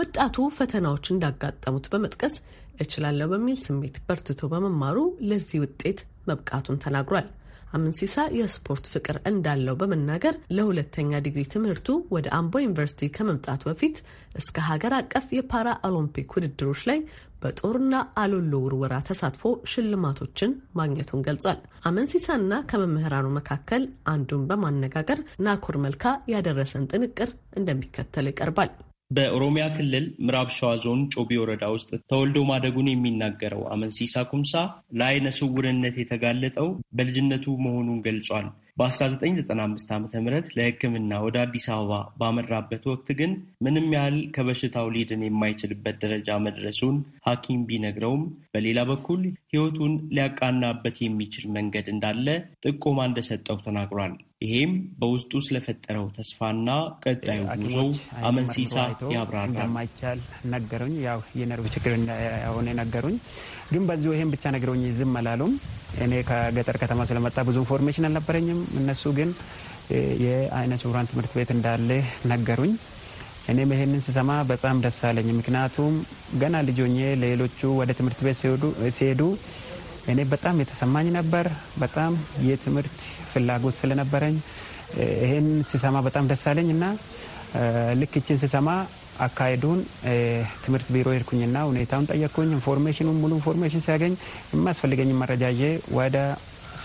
ወጣቱ ፈተናዎች እንዳጋጠሙት በመጥቀስ እችላለሁ በሚል ስሜት በርትቶ በመማሩ ለዚህ ውጤት መብቃቱን ተናግሯል። አምንሲሳ የስፖርት ፍቅር እንዳለው በመናገር ለሁለተኛ ዲግሪ ትምህርቱ ወደ አምቦ ዩኒቨርሲቲ ከመምጣቱ በፊት እስከ ሀገር አቀፍ የፓራ ኦሎምፒክ ውድድሮች ላይ በጦርና አሎሎ ውርወራ ተሳትፎ ሽልማቶችን ማግኘቱን ገልጿል። አመንሲሳና ከመምህራኑ መካከል አንዱን በማነጋገር ናኮር መልካ ያደረሰን ጥንቅር እንደሚከተል ይቀርባል። በኦሮሚያ ክልል ምዕራብ ሸዋ ዞን ጮቢ ወረዳ ውስጥ ተወልዶ ማደጉን የሚናገረው አመንሲሳ ኩምሳ ለአይነ ስውርነት የተጋለጠው በልጅነቱ መሆኑን ገልጿል። በ1995 ዓ ም ለሕክምና ወደ አዲስ አበባ ባመራበት ወቅት ግን ምንም ያህል ከበሽታው ሊድን የማይችልበት ደረጃ መድረሱን ሐኪም ቢነግረውም በሌላ በኩል ሕይወቱን ሊያቃናበት የሚችል መንገድ እንዳለ ጥቆማ እንደሰጠው ተናግሯል። ይሄም በውስጡ ስለፈጠረው ተስፋና ቀጣዩ ጉዞ አመንሲሳ ያብራራል። የማይቻል ነገሩኝ። ያው የነርቭ ችግር ሆነ ነገሩኝ። ግን በዚሁ ይሄን ብቻ ነግረውኝ ዝም አላሉም። እኔ ከገጠር ከተማ ስለመጣ ብዙ ኢንፎርሜሽን አልነበረኝም። እነሱ ግን የአይነ ስውራን ትምህርት ቤት እንዳለ ነገሩኝ። እኔም ይሄንን ስሰማ በጣም ደስ አለኝ። ምክንያቱም ገና ልጆኜ ሌሎቹ ወደ ትምህርት ቤት ሲሄዱ እኔ በጣም የተሰማኝ ነበር። በጣም የትምህርት ፍላጎት ስለነበረኝ ይሄን ስሰማ በጣም ደስ አለኝ እና ልክችን ስሰማ አካሄዱን ትምህርት ቢሮ ሄድኩኝና ሁኔታውን ጠየቅኩኝ። ኢንፎርሜሽኑን ሙሉ ኢንፎርሜሽን ሲያገኝ የማያስፈልገኝ መረጃ ወደ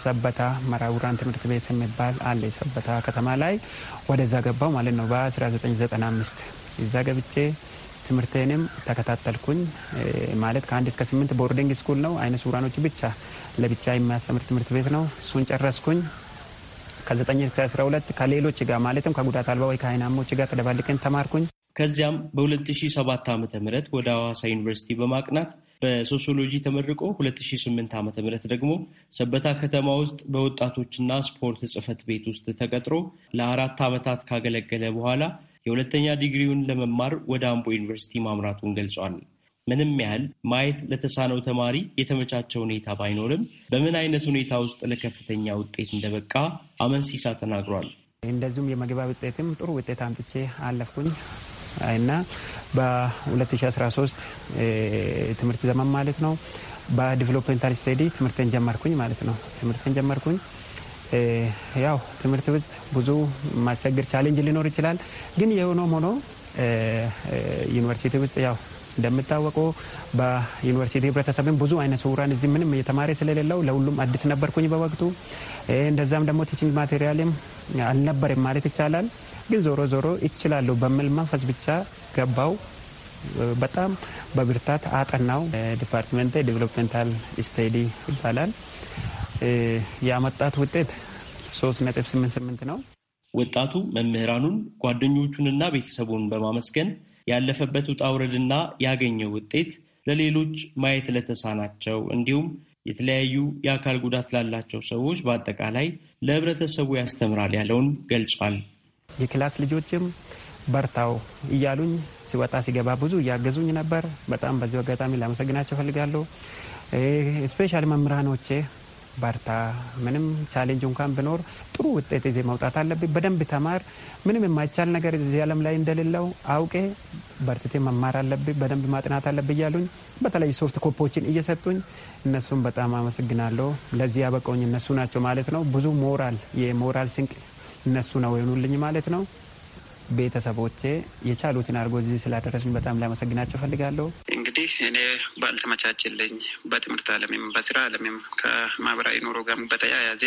ሰበታ መራውራን ትምህርት ቤት የሚባል አለ ሰበታ ከተማ ላይ ወደዛ ገባው ማለት ነው። በ1995 እዛ ገብቼ ትምህርቴንም ተከታተልኩኝ ማለት ከአንድ እስከ ስምንት ቦርዲንግ ስኩል ነው። አይነ ስውራኖች ብቻ ለብቻ የሚያስተምር ትምህርት ቤት ነው። እሱን ጨረስኩኝ። ከ9 እስከ 12 ከሌሎች ጋር ማለትም ከጉዳት አልባ ወይ ከአይናሞች ጋር ተደባልቀን ተማርኩኝ። ከዚያም በ2007 ዓ ም ወደ ሐዋሳ ዩኒቨርሲቲ በማቅናት በሶሲዮሎጂ ተመርቆ 2008 ዓ ም ደግሞ ሰበታ ከተማ ውስጥ በወጣቶችና ስፖርት ጽህፈት ቤት ውስጥ ተቀጥሮ ለአራት ዓመታት ካገለገለ በኋላ የሁለተኛ ዲግሪውን ለመማር ወደ አምቦ ዩኒቨርሲቲ ማምራቱን ገልጿል። ምንም ያህል ማየት ለተሳነው ተማሪ የተመቻቸ ሁኔታ ባይኖርም በምን አይነት ሁኔታ ውስጥ ለከፍተኛ ውጤት እንደበቃ አመንሲሳ ተናግሯል። እንደዚሁም የመግቢያ ውጤትም ጥሩ ውጤት አምጥቼ አለፍኩኝ። እና በ2013 ትምህርት ዘመን ማለት ነው በዲቨሎፕመንታል ስተዲ ትምህርትን ጀመርኩኝ ማለት ነው። ትምህርትን ጀመርኩኝ። ያው ትምህርት ውስጥ ብዙ ማስቸግር ቻሌንጅ ሊኖር ይችላል። ግን የሆነም ሆኖ ዩኒቨርሲቲ ውስጥ ያው እንደምታወቀው በዩኒቨርሲቲ ህብረተሰብን ብዙ አይነ ስውራን እዚህ ምንም የተማሪ ስለሌለው ለሁሉም አዲስ ነበርኩኝ በወቅቱ። እንደዛም ደግሞ ቲችንግ ማቴሪያልም አልነበርም ማለት ይቻላል። ግን ዞሮ ዞሮ ይችላሉ በሚል መንፈስ ብቻ ገባው። በጣም በብርታት አጠናው። ዲፓርትመንት ዴቨሎፕመንታል ስተዲ ይባላል። ያመጣት ውጤት ሶስት ነጥብ ስምንት ስምንት ነው። ወጣቱ መምህራኑን ጓደኞቹንና ቤተሰቡን በማመስገን ያለፈበት ውጣ ውረድና ያገኘው ውጤት ለሌሎች ማየት ለተሳናቸው እንዲሁም የተለያዩ የአካል ጉዳት ላላቸው ሰዎች በአጠቃላይ ለህብረተሰቡ ያስተምራል ያለውን ገልጿል። የክላስ ልጆችም በርታው እያሉኝ ሲወጣ ሲገባ ብዙ እያገዙኝ ነበር። በጣም በዚሁ አጋጣሚ ላመሰግናቸው ፈልጋለሁ። ስፔሻል መምህራኖቼ በርታ፣ ምንም ቻሌንጅ እንኳን ብኖር ጥሩ ውጤት ይዜ መውጣት አለብኝ፣ በደንብ ተማር፣ ምንም የማይቻል ነገር እዚህ ዓለም ላይ እንደሌለው አውቄ በርትቴ መማር አለብኝ፣ በደንብ ማጥናት አለብኝ እያሉኝ በተለይ ሶፍት ኮፖችን እየሰጡኝ እነሱም በጣም አመሰግናለሁ። ለዚህ ያበቀውኝ እነሱ ናቸው ማለት ነው። ብዙ ሞራል የሞራል ስንቅ እነሱ ነው የሆኑልኝ ማለት ነው። ቤተሰቦቼ የቻሉትን አድርጎ እዚህ ስላደረስን በጣም ላመሰግናቸው እፈልጋለሁ። እኔ ባልተመቻችልኝ በትምህርት አለምም በስራ አለምም ከማህበራዊ ኑሮ ጋር በተያያዘ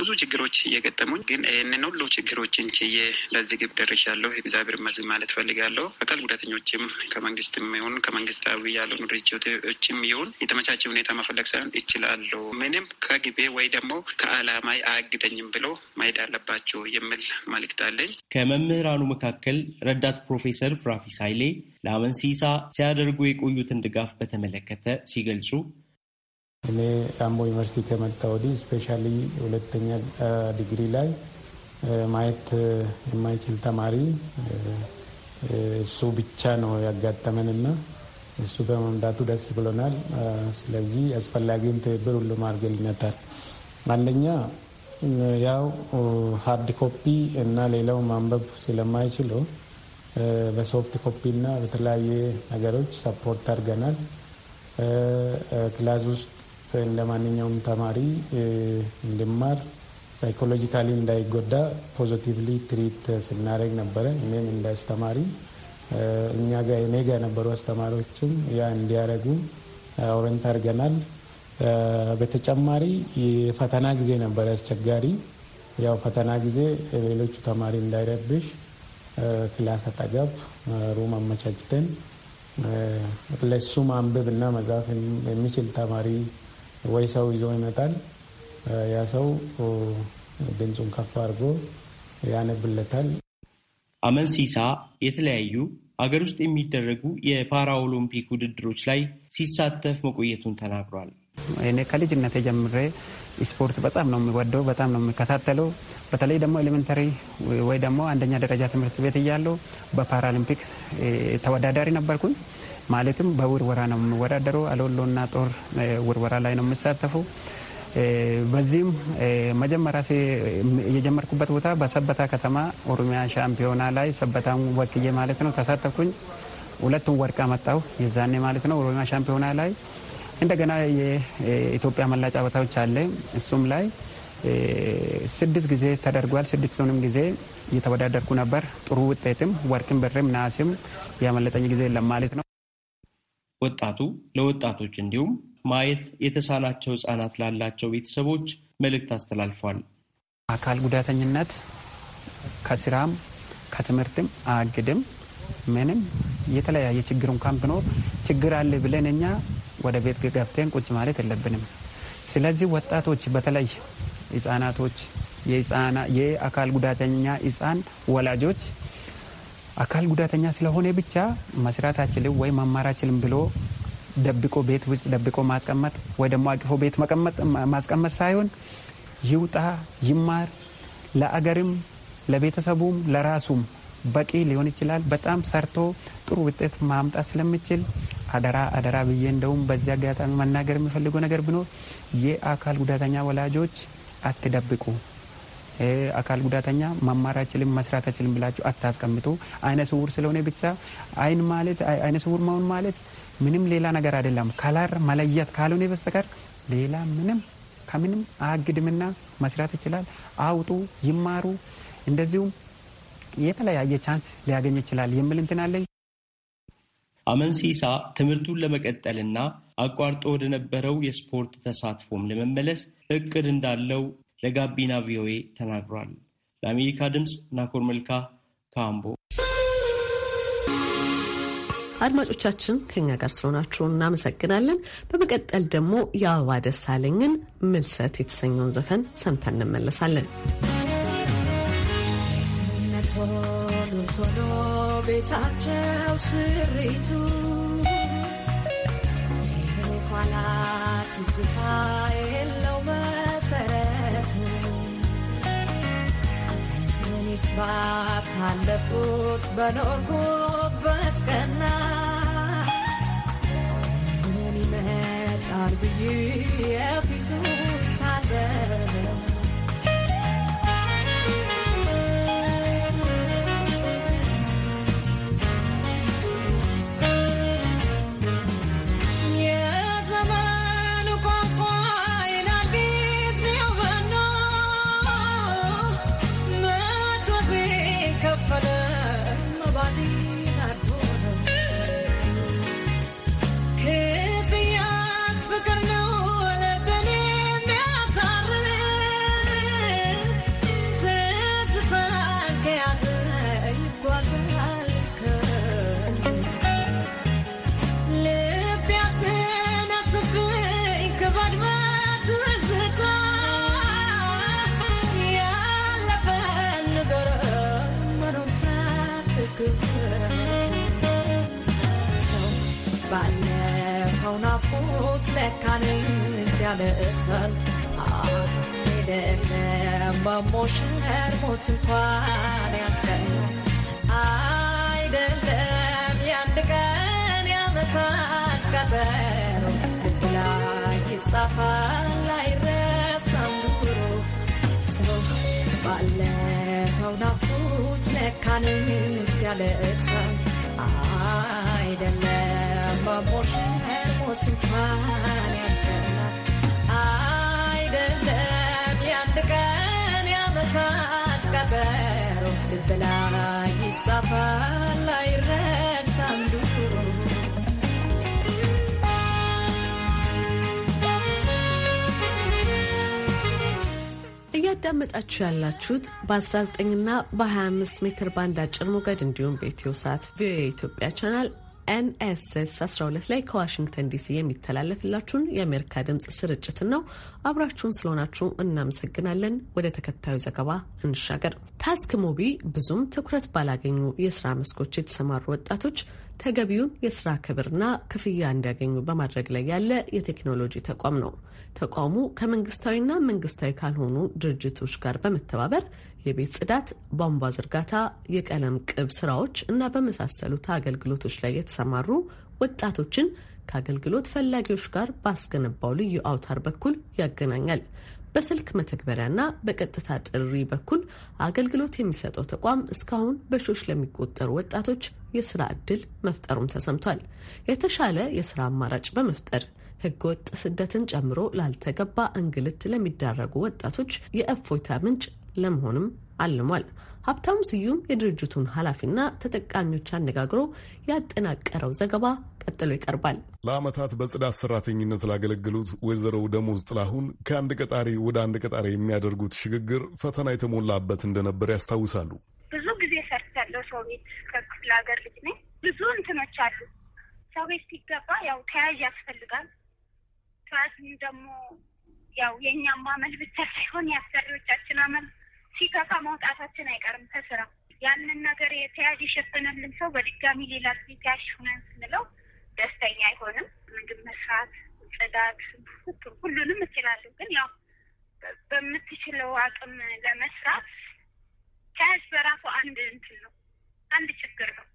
ብዙ ችግሮች እየገጠሙኝ፣ ግን ይህንን ሁሉ ችግሮችን ችዬ ለዚህ ግብ ደርሻለሁ። እግዚአብሔር ይመስገን ማለት ፈልጋለሁ። አካል ጉዳተኞችም ከመንግስትም ይሁን ከመንግስታዊ ያልሆኑ ድርጅቶችም ይሁን የተመቻቸ ሁኔታ መፈለግ ሳይሆን ይችላሉ። ምንም ከግቤ ወይ ደግሞ ከአላማይ አያግደኝም ብሎ መሄድ አለባቸው የሚል መልእክት አለኝ። ከመምህራኑ መካከል ረዳት ፕሮፌሰር ፍራፊስ ኃይሌ ለአመንሲሳ ሲያደርጉ የቆዩትን የሚያደርጉትን ድጋፍ በተመለከተ ሲገልጹ እኔ አምቦ ዩኒቨርሲቲ ከመጣ ወዲህ ስፔሻሊ ሁለተኛ ዲግሪ ላይ ማየት የማይችል ተማሪ እሱ ብቻ ነው ያጋጠመን እና እሱ በመምጣቱ ደስ ብሎናል። ስለዚህ አስፈላጊውን ትብብር ሁሉም አድርገልነታል። አንደኛ ያው ሀርድ ኮፒ እና ሌላው ማንበብ ስለማይችለው በሶፍት ኮፒ እና በተለያየ ነገሮች ሰፖርት አድርገናል። ክላስ ውስጥ እንደ ማንኛውም ተማሪ እንድማር ሳይኮሎጂካሊ እንዳይጎዳ ፖዘቲቭሊ ትሪት ስናደርግ ነበረ። እኔም እንደ አስተማሪ እኛ ጋ እኔ ጋ የነበሩ አስተማሪዎችም ያ እንዲያደርጉ ኦሬንት አድርገናል። በተጨማሪ የፈተና ጊዜ ነበረ አስቸጋሪ። ያው ፈተና ጊዜ ሌሎቹ ተማሪ እንዳይረብሽ ክላስ አጠገብ ሩም አመቻችተን ለሱ ማንበብ እና መጻፍ የሚችል ተማሪ ወይ ሰው ይዞ ይመጣል። ያ ሰው ድምፁን ከፍ አድርጎ ያነብለታል። ሲሳ የተለያዩ አገር ውስጥ የሚደረጉ የፓራ ኦሎምፒክ ውድድሮች ላይ ሲሳተፍ መቆየቱን ተናግሯል። እኔ ከልጅነት ጀምሬ ስፖርት በጣም ነው የሚወደው፣ በጣም ነው የሚከታተለው። በተለይ ደግሞ ኤሌመንተሪ ወይ ደግሞ አንደኛ ደረጃ ትምህርት ቤት እያለሁ በፓራሊምፒክ ተወዳዳሪ ነበርኩኝ። ማለትም በውርወራ ነው የሚወዳደረው። አለሎና ጦር ውርወራ ላይ ነው የሚሳተፉ። በዚህም መጀመሪያ የጀመርኩበት ቦታ በሰበታ ከተማ ኦሮሚያ ሻምፒዮና ላይ ሰበታን ወክዬ ማለት ነው ተሳተፍኩኝ። ሁለቱም ወርቅ አመጣሁ የዛኔ ማለት ነው ኦሮሚያ ሻምፒዮና ላይ እንደገና የኢትዮጵያ መላጫ ቦታዎች አለ። እሱም ላይ ስድስት ጊዜ ተደርጓል። ስድስቱንም ጊዜ እየተወዳደርኩ ነበር። ጥሩ ውጤትም ወርቅም፣ ብርም ናስም ያመለጠኝ ጊዜ የለም ማለት ነው። ወጣቱ ለወጣቶች እንዲሁም ማየት የተሳናቸው ሕጻናት ላላቸው ቤተሰቦች መልእክት አስተላልፏል። አካል ጉዳተኝነት ከስራም ከትምህርትም አግድም ምንም የተለያየ ችግር እንኳን ብኖር ችግር አለ ብለን እኛ ወደ ቤት ገብተን ቁጭ ማለት የለብንም። ስለዚህ ወጣቶች በተለይ ህጻናቶች፣ የአካል ጉዳተኛ ህጻን ወላጆች አካል ጉዳተኛ ስለሆነ ብቻ መስራት አችልም ወይ መማር አይችልም ብሎ ደብቆ ቤት ውስጥ ደብቆ ማስቀመጥ ወይ ደግሞ አቅፎ ቤት ማስቀመጥ ሳይሆን ይውጣ፣ ይማር፣ ለአገርም ለቤተሰቡም ለራሱም በቂ ሊሆን ይችላል። በጣም ሰርቶ ጥሩ ውጤት ማምጣት ስለሚችል አደራ አደራ ብዬ እንደውም በዚህ አጋጣሚ መናገር የሚፈልገው ነገር ቢኖር የአካል ጉዳተኛ ወላጆች አትደብቁ። አካል ጉዳተኛ መማር አይችልም መስራት አይችልም ብላችሁ አታስቀምጡ። አይነ ስውር ስለሆነ ብቻ አይን ማለት አይነ ስውር መሆን ማለት ምንም ሌላ ነገር አይደለም። ከላር መለየት ካልሆነ በስተቀር ሌላ ምንም ከምንም አግድምና መስራት ይችላል። አውጡ፣ ይማሩ፣ እንደዚሁም የተለያየ ቻንስ ሊያገኝ ይችላል የሚል እንትን አለኝ። አመንሲሳ ትምህርቱን ለመቀጠልና አቋርጦ ወደነበረው የስፖርት ተሳትፎም ለመመለስ እቅድ እንዳለው ለጋቢና ቪኦኤ ተናግሯል። ለአሜሪካ ድምፅ ናኮር መልካ ካምቦ። አድማጮቻችን ከኛ ጋር ስለሆናችሁ እናመሰግናለን። በመቀጠል ደግሞ የአበባ ደሳለኝን ምልሰት የተሰኘውን ዘፈን ሰምተን እንመለሳለን። ሞቶ ቤታቸው ስሪቱ የኋላ ትዝታ የለው መሰረቱ እኔስ ባሳለፍኩት በኖርኩበት ቀና ምን ይመጣል ብዬ የፊቱን ሳዘን አይደለም እያዳመጣችሁ ያላችሁት በ19 ና በ25 ሜትር ባንድ አጭር ሞገድ እንዲሁም በኢትዮ ሳት ቪኦኤ ኢትዮጵያ ቻናል ኤንኤስኤስ 12 ላይ ከዋሽንግተን ዲሲ የሚተላለፍላችሁን የአሜሪካ ድምፅ ስርጭትን ነው። አብራችሁን ስለሆናችሁ እናመሰግናለን። ወደ ተከታዩ ዘገባ እንሻገር። ታስክ ሞቢ ብዙም ትኩረት ባላገኙ የስራ መስኮች የተሰማሩ ወጣቶች ተገቢውን የስራ ክብርና ክፍያ እንዲያገኙ በማድረግ ላይ ያለ የቴክኖሎጂ ተቋም ነው። ተቋሙ ከመንግስታዊና መንግስታዊ ካልሆኑ ድርጅቶች ጋር በመተባበር የቤት ጽዳት፣ ቧንቧ ዝርጋታ፣ የቀለም ቅብ ስራዎች እና በመሳሰሉት አገልግሎቶች ላይ የተሰማሩ ወጣቶችን ከአገልግሎት ፈላጊዎች ጋር ባስገነባው ልዩ አውታር በኩል ያገናኛል። በስልክ መተግበሪያና በቀጥታ ጥሪ በኩል አገልግሎት የሚሰጠው ተቋም እስካሁን በሺዎች ለሚቆጠሩ ወጣቶች የስራ ዕድል መፍጠሩም ተሰምቷል። የተሻለ የስራ አማራጭ በመፍጠር ህገወጥ ስደትን ጨምሮ ላልተገባ እንግልት ለሚዳረጉ ወጣቶች የእፎይታ ምንጭ ለመሆንም አልሟል። ሀብታሙ ስዩም የድርጅቱን ኃላፊና ተጠቃሚዎች አነጋግሮ ያጠናቀረው ዘገባ ቀጥሎ ይቀርባል። ለዓመታት በጽዳት ሰራተኝነት ላገለግሉት ወይዘሮ ደሞዝ ጥላሁን ከአንድ ቀጣሪ ወደ አንድ ቀጣሪ የሚያደርጉት ሽግግር ፈተና የተሞላበት እንደነበር ያስታውሳሉ። ብዙ ጊዜ ሰርቻለሁ። ሰው ቤት ከክፍለ ሀገር ልጅ ነኝ። ብዙ እንትኖች አሉ። ሰው ቤት ሲገባ ያው ተያዥ ያስፈልጋል ከዚህም ደግሞ ያው የእኛም አመል ብቻ ሳይሆን የአሰሪዎቻችን አመል ሲከፋ መውጣታችን አይቀርም ከስራ ያንን ነገር የተያዥ የሸፈነልን ሰው በድጋሚ ሌላ ተያዥ ሆነን ስንለው ደስተኛ አይሆንም። ምግብ መስራት፣ ጽዳት፣ ሁሉንም እችላለሁ፣ ግን ያው በምትችለው አቅም ለመስራት ተያዥ በራሱ አንድ እንትን ነው፣ አንድ ችግር ነው።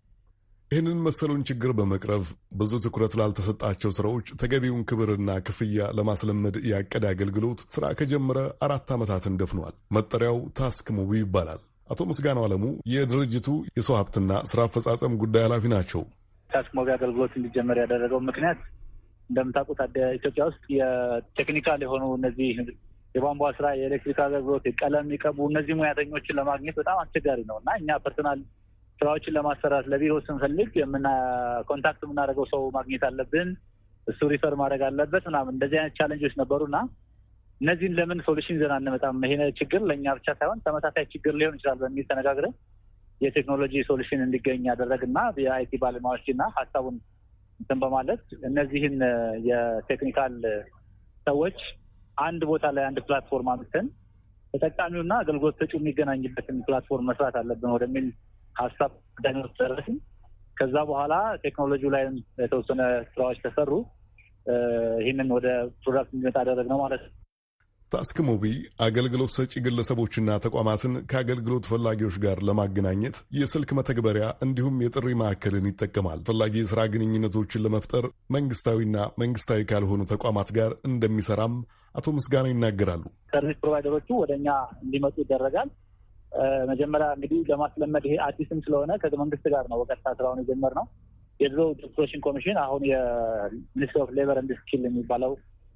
ይህንን መሰሉን ችግር በመቅረፍ ብዙ ትኩረት ላልተሰጣቸው ስራዎች ተገቢውን ክብርና ክፍያ ለማስለመድ ያቀደ አገልግሎት ስራ ከጀመረ አራት ዓመታትን ደፍኗል። መጠሪያው ታስክ ሙቪ ይባላል። አቶ ምስጋናው አለሙ የድርጅቱ የሰው ሀብትና ስራ አፈጻጸም ጉዳይ ኃላፊ ናቸው። ታስክ ሙቪ አገልግሎት እንዲጀመር ያደረገው ምክንያት እንደምታውቁት ኢትዮጵያ ውስጥ የቴክኒካል የሆኑ እነዚህ የቧንቧ ስራ፣ የኤሌክትሪክ አገልግሎት፣ ቀለም የሚቀቡ እነዚህ ሙያተኞችን ለማግኘት በጣም አስቸጋሪ ነው እና እኛ ፐርሰናል ስራዎችን ለማሰራት ለቢሮ ስንፈልግ የምና ኮንታክት የምናደርገው ሰው ማግኘት አለብን፣ እሱ ሪፈር ማድረግ አለበት ምናምን እንደዚህ አይነት ቻለንጆች ነበሩ እነዚህን ለምን ሶሉሽን ይዘን አንመጣም? ይሄ ችግር ለእኛ ብቻ ሳይሆን ተመሳሳይ ችግር ሊሆን ይችላል በሚል ተነጋግረን የቴክኖሎጂ ሶሉሽን እንዲገኝ ያደረግ እና የአይቲ ባለሙያዎች ሀሳቡን እንትን በማለት እነዚህን የቴክኒካል ሰዎች አንድ ቦታ ላይ አንድ ፕላትፎርም አምጥተን ተጠቃሚውና አገልግሎት ሰጪው የሚገናኝበትን ፕላትፎርም መስራት አለብን ወደሚል ሀሳብ ዳኞች ጨረስን። ከዛ በኋላ ቴክኖሎጂ ላይም የተወሰነ ስራዎች ተሰሩ። ይህንን ወደ ፕሮዳክት እንዲመጣ ነው ማለት ነው። ታስክ ሞቢ አገልግሎት ሰጪ ግለሰቦችና ተቋማትን ከአገልግሎት ፈላጊዎች ጋር ለማገናኘት የስልክ መተግበሪያ እንዲሁም የጥሪ ማዕከልን ይጠቀማል። ፈላጊ የሥራ ግንኙነቶችን ለመፍጠር መንግስታዊና መንግስታዊ ካልሆኑ ተቋማት ጋር እንደሚሰራም አቶ ምስጋና ይናገራሉ። ሰርቪስ ፕሮቫይደሮቹ ወደ እኛ እንዲመጡ ይደረጋል። መጀመሪያ እንግዲህ ለማስለመድ ይሄ አዲስም ስለሆነ መንግስት ጋር ነው በቀጥታ ስራውን የጀመር ነው። የድሮ ፕሮሽን ኮሚሽን አሁን የሚኒስትር ኦፍ ሌበር እንድ ስኪል የሚባለው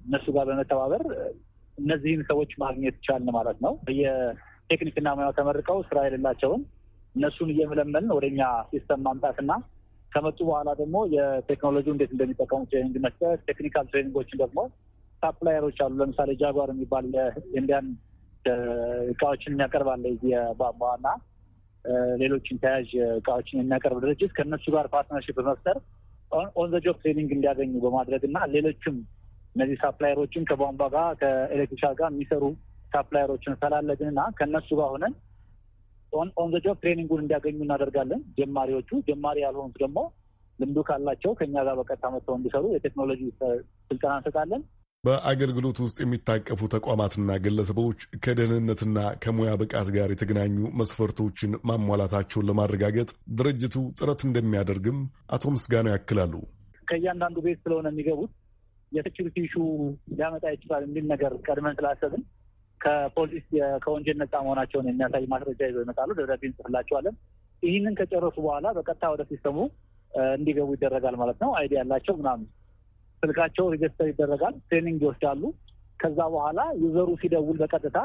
እነሱ ጋር በመተባበር እነዚህን ሰዎች ማግኘት ቻልን ማለት ነው። የቴክኒክና ሙያው ተመርቀው ስራ የሌላቸውን እነሱን እየመለመልን ወደኛ ሲስተም ማምጣትና ከመጡ በኋላ ደግሞ የቴክኖሎጂ እንዴት እንደሚጠቀሙ ትሬኒንግ መስጠት፣ ቴክኒካል ትሬኒንጎችን ደግሞ ሳፕላየሮች አሉ። ለምሳሌ ጃጓር የሚባል የኢንዲያን እቃዎችን የሚያቀርባለ የቧንቧና ሌሎችን ተያዥ እቃዎችን የሚያቀርብ ድርጅት ከእነሱ ጋር ፓርትነርሽፕ በመፍጠር ኦን ዘ ጆብ ትሬኒንግ እንዲያገኙ በማድረግ እና ሌሎችም እነዚህ ሳፕላየሮችን ከቧንቧ ጋር ከኤሌክትሪሻል ጋር የሚሰሩ ሳፕላየሮችን ፈላለግን እና ከእነሱ ጋር ሆነን ኦን ዘ ጆብ ትሬኒንጉን እንዲያገኙ እናደርጋለን። ጀማሪዎቹ ጀማሪ ያልሆኑት ደግሞ ልምዱ ካላቸው ከኛ ጋር በቀጥታ መጥተው እንዲሰሩ የቴክኖሎጂ ስልጠና እንሰጣለን። በአገልግሎት ውስጥ የሚታቀፉ ተቋማትና ግለሰቦች ከደህንነትና ከሙያ ብቃት ጋር የተገናኙ መስፈርቶችን ማሟላታቸውን ለማረጋገጥ ድርጅቱ ጥረት እንደሚያደርግም አቶ ምስጋናው ያክላሉ። ከእያንዳንዱ ቤት ስለሆነ የሚገቡት የሴኪሪቲ ኢሹ ሊያመጣ ይችላል የሚል ነገር ቀድመን ስላሰብን ከፖሊስ ከወንጀል ነጻ መሆናቸውን የሚያሳይ ማስረጃ ይዘው ይመጣሉ። ደብዳቤ እንጽፍላቸዋለን። ይህንን ከጨረሱ በኋላ በቀጥታ ወደ ሲስተሙ እንዲገቡ ይደረጋል ማለት ነው። አይዲ ያላቸው ምናምን ስልካቸው ሬጅስተር ይደረጋል። ትሬኒንግ ይወስዳሉ። ከዛ በኋላ ዩዘሩ ሲደውል በቀጥታ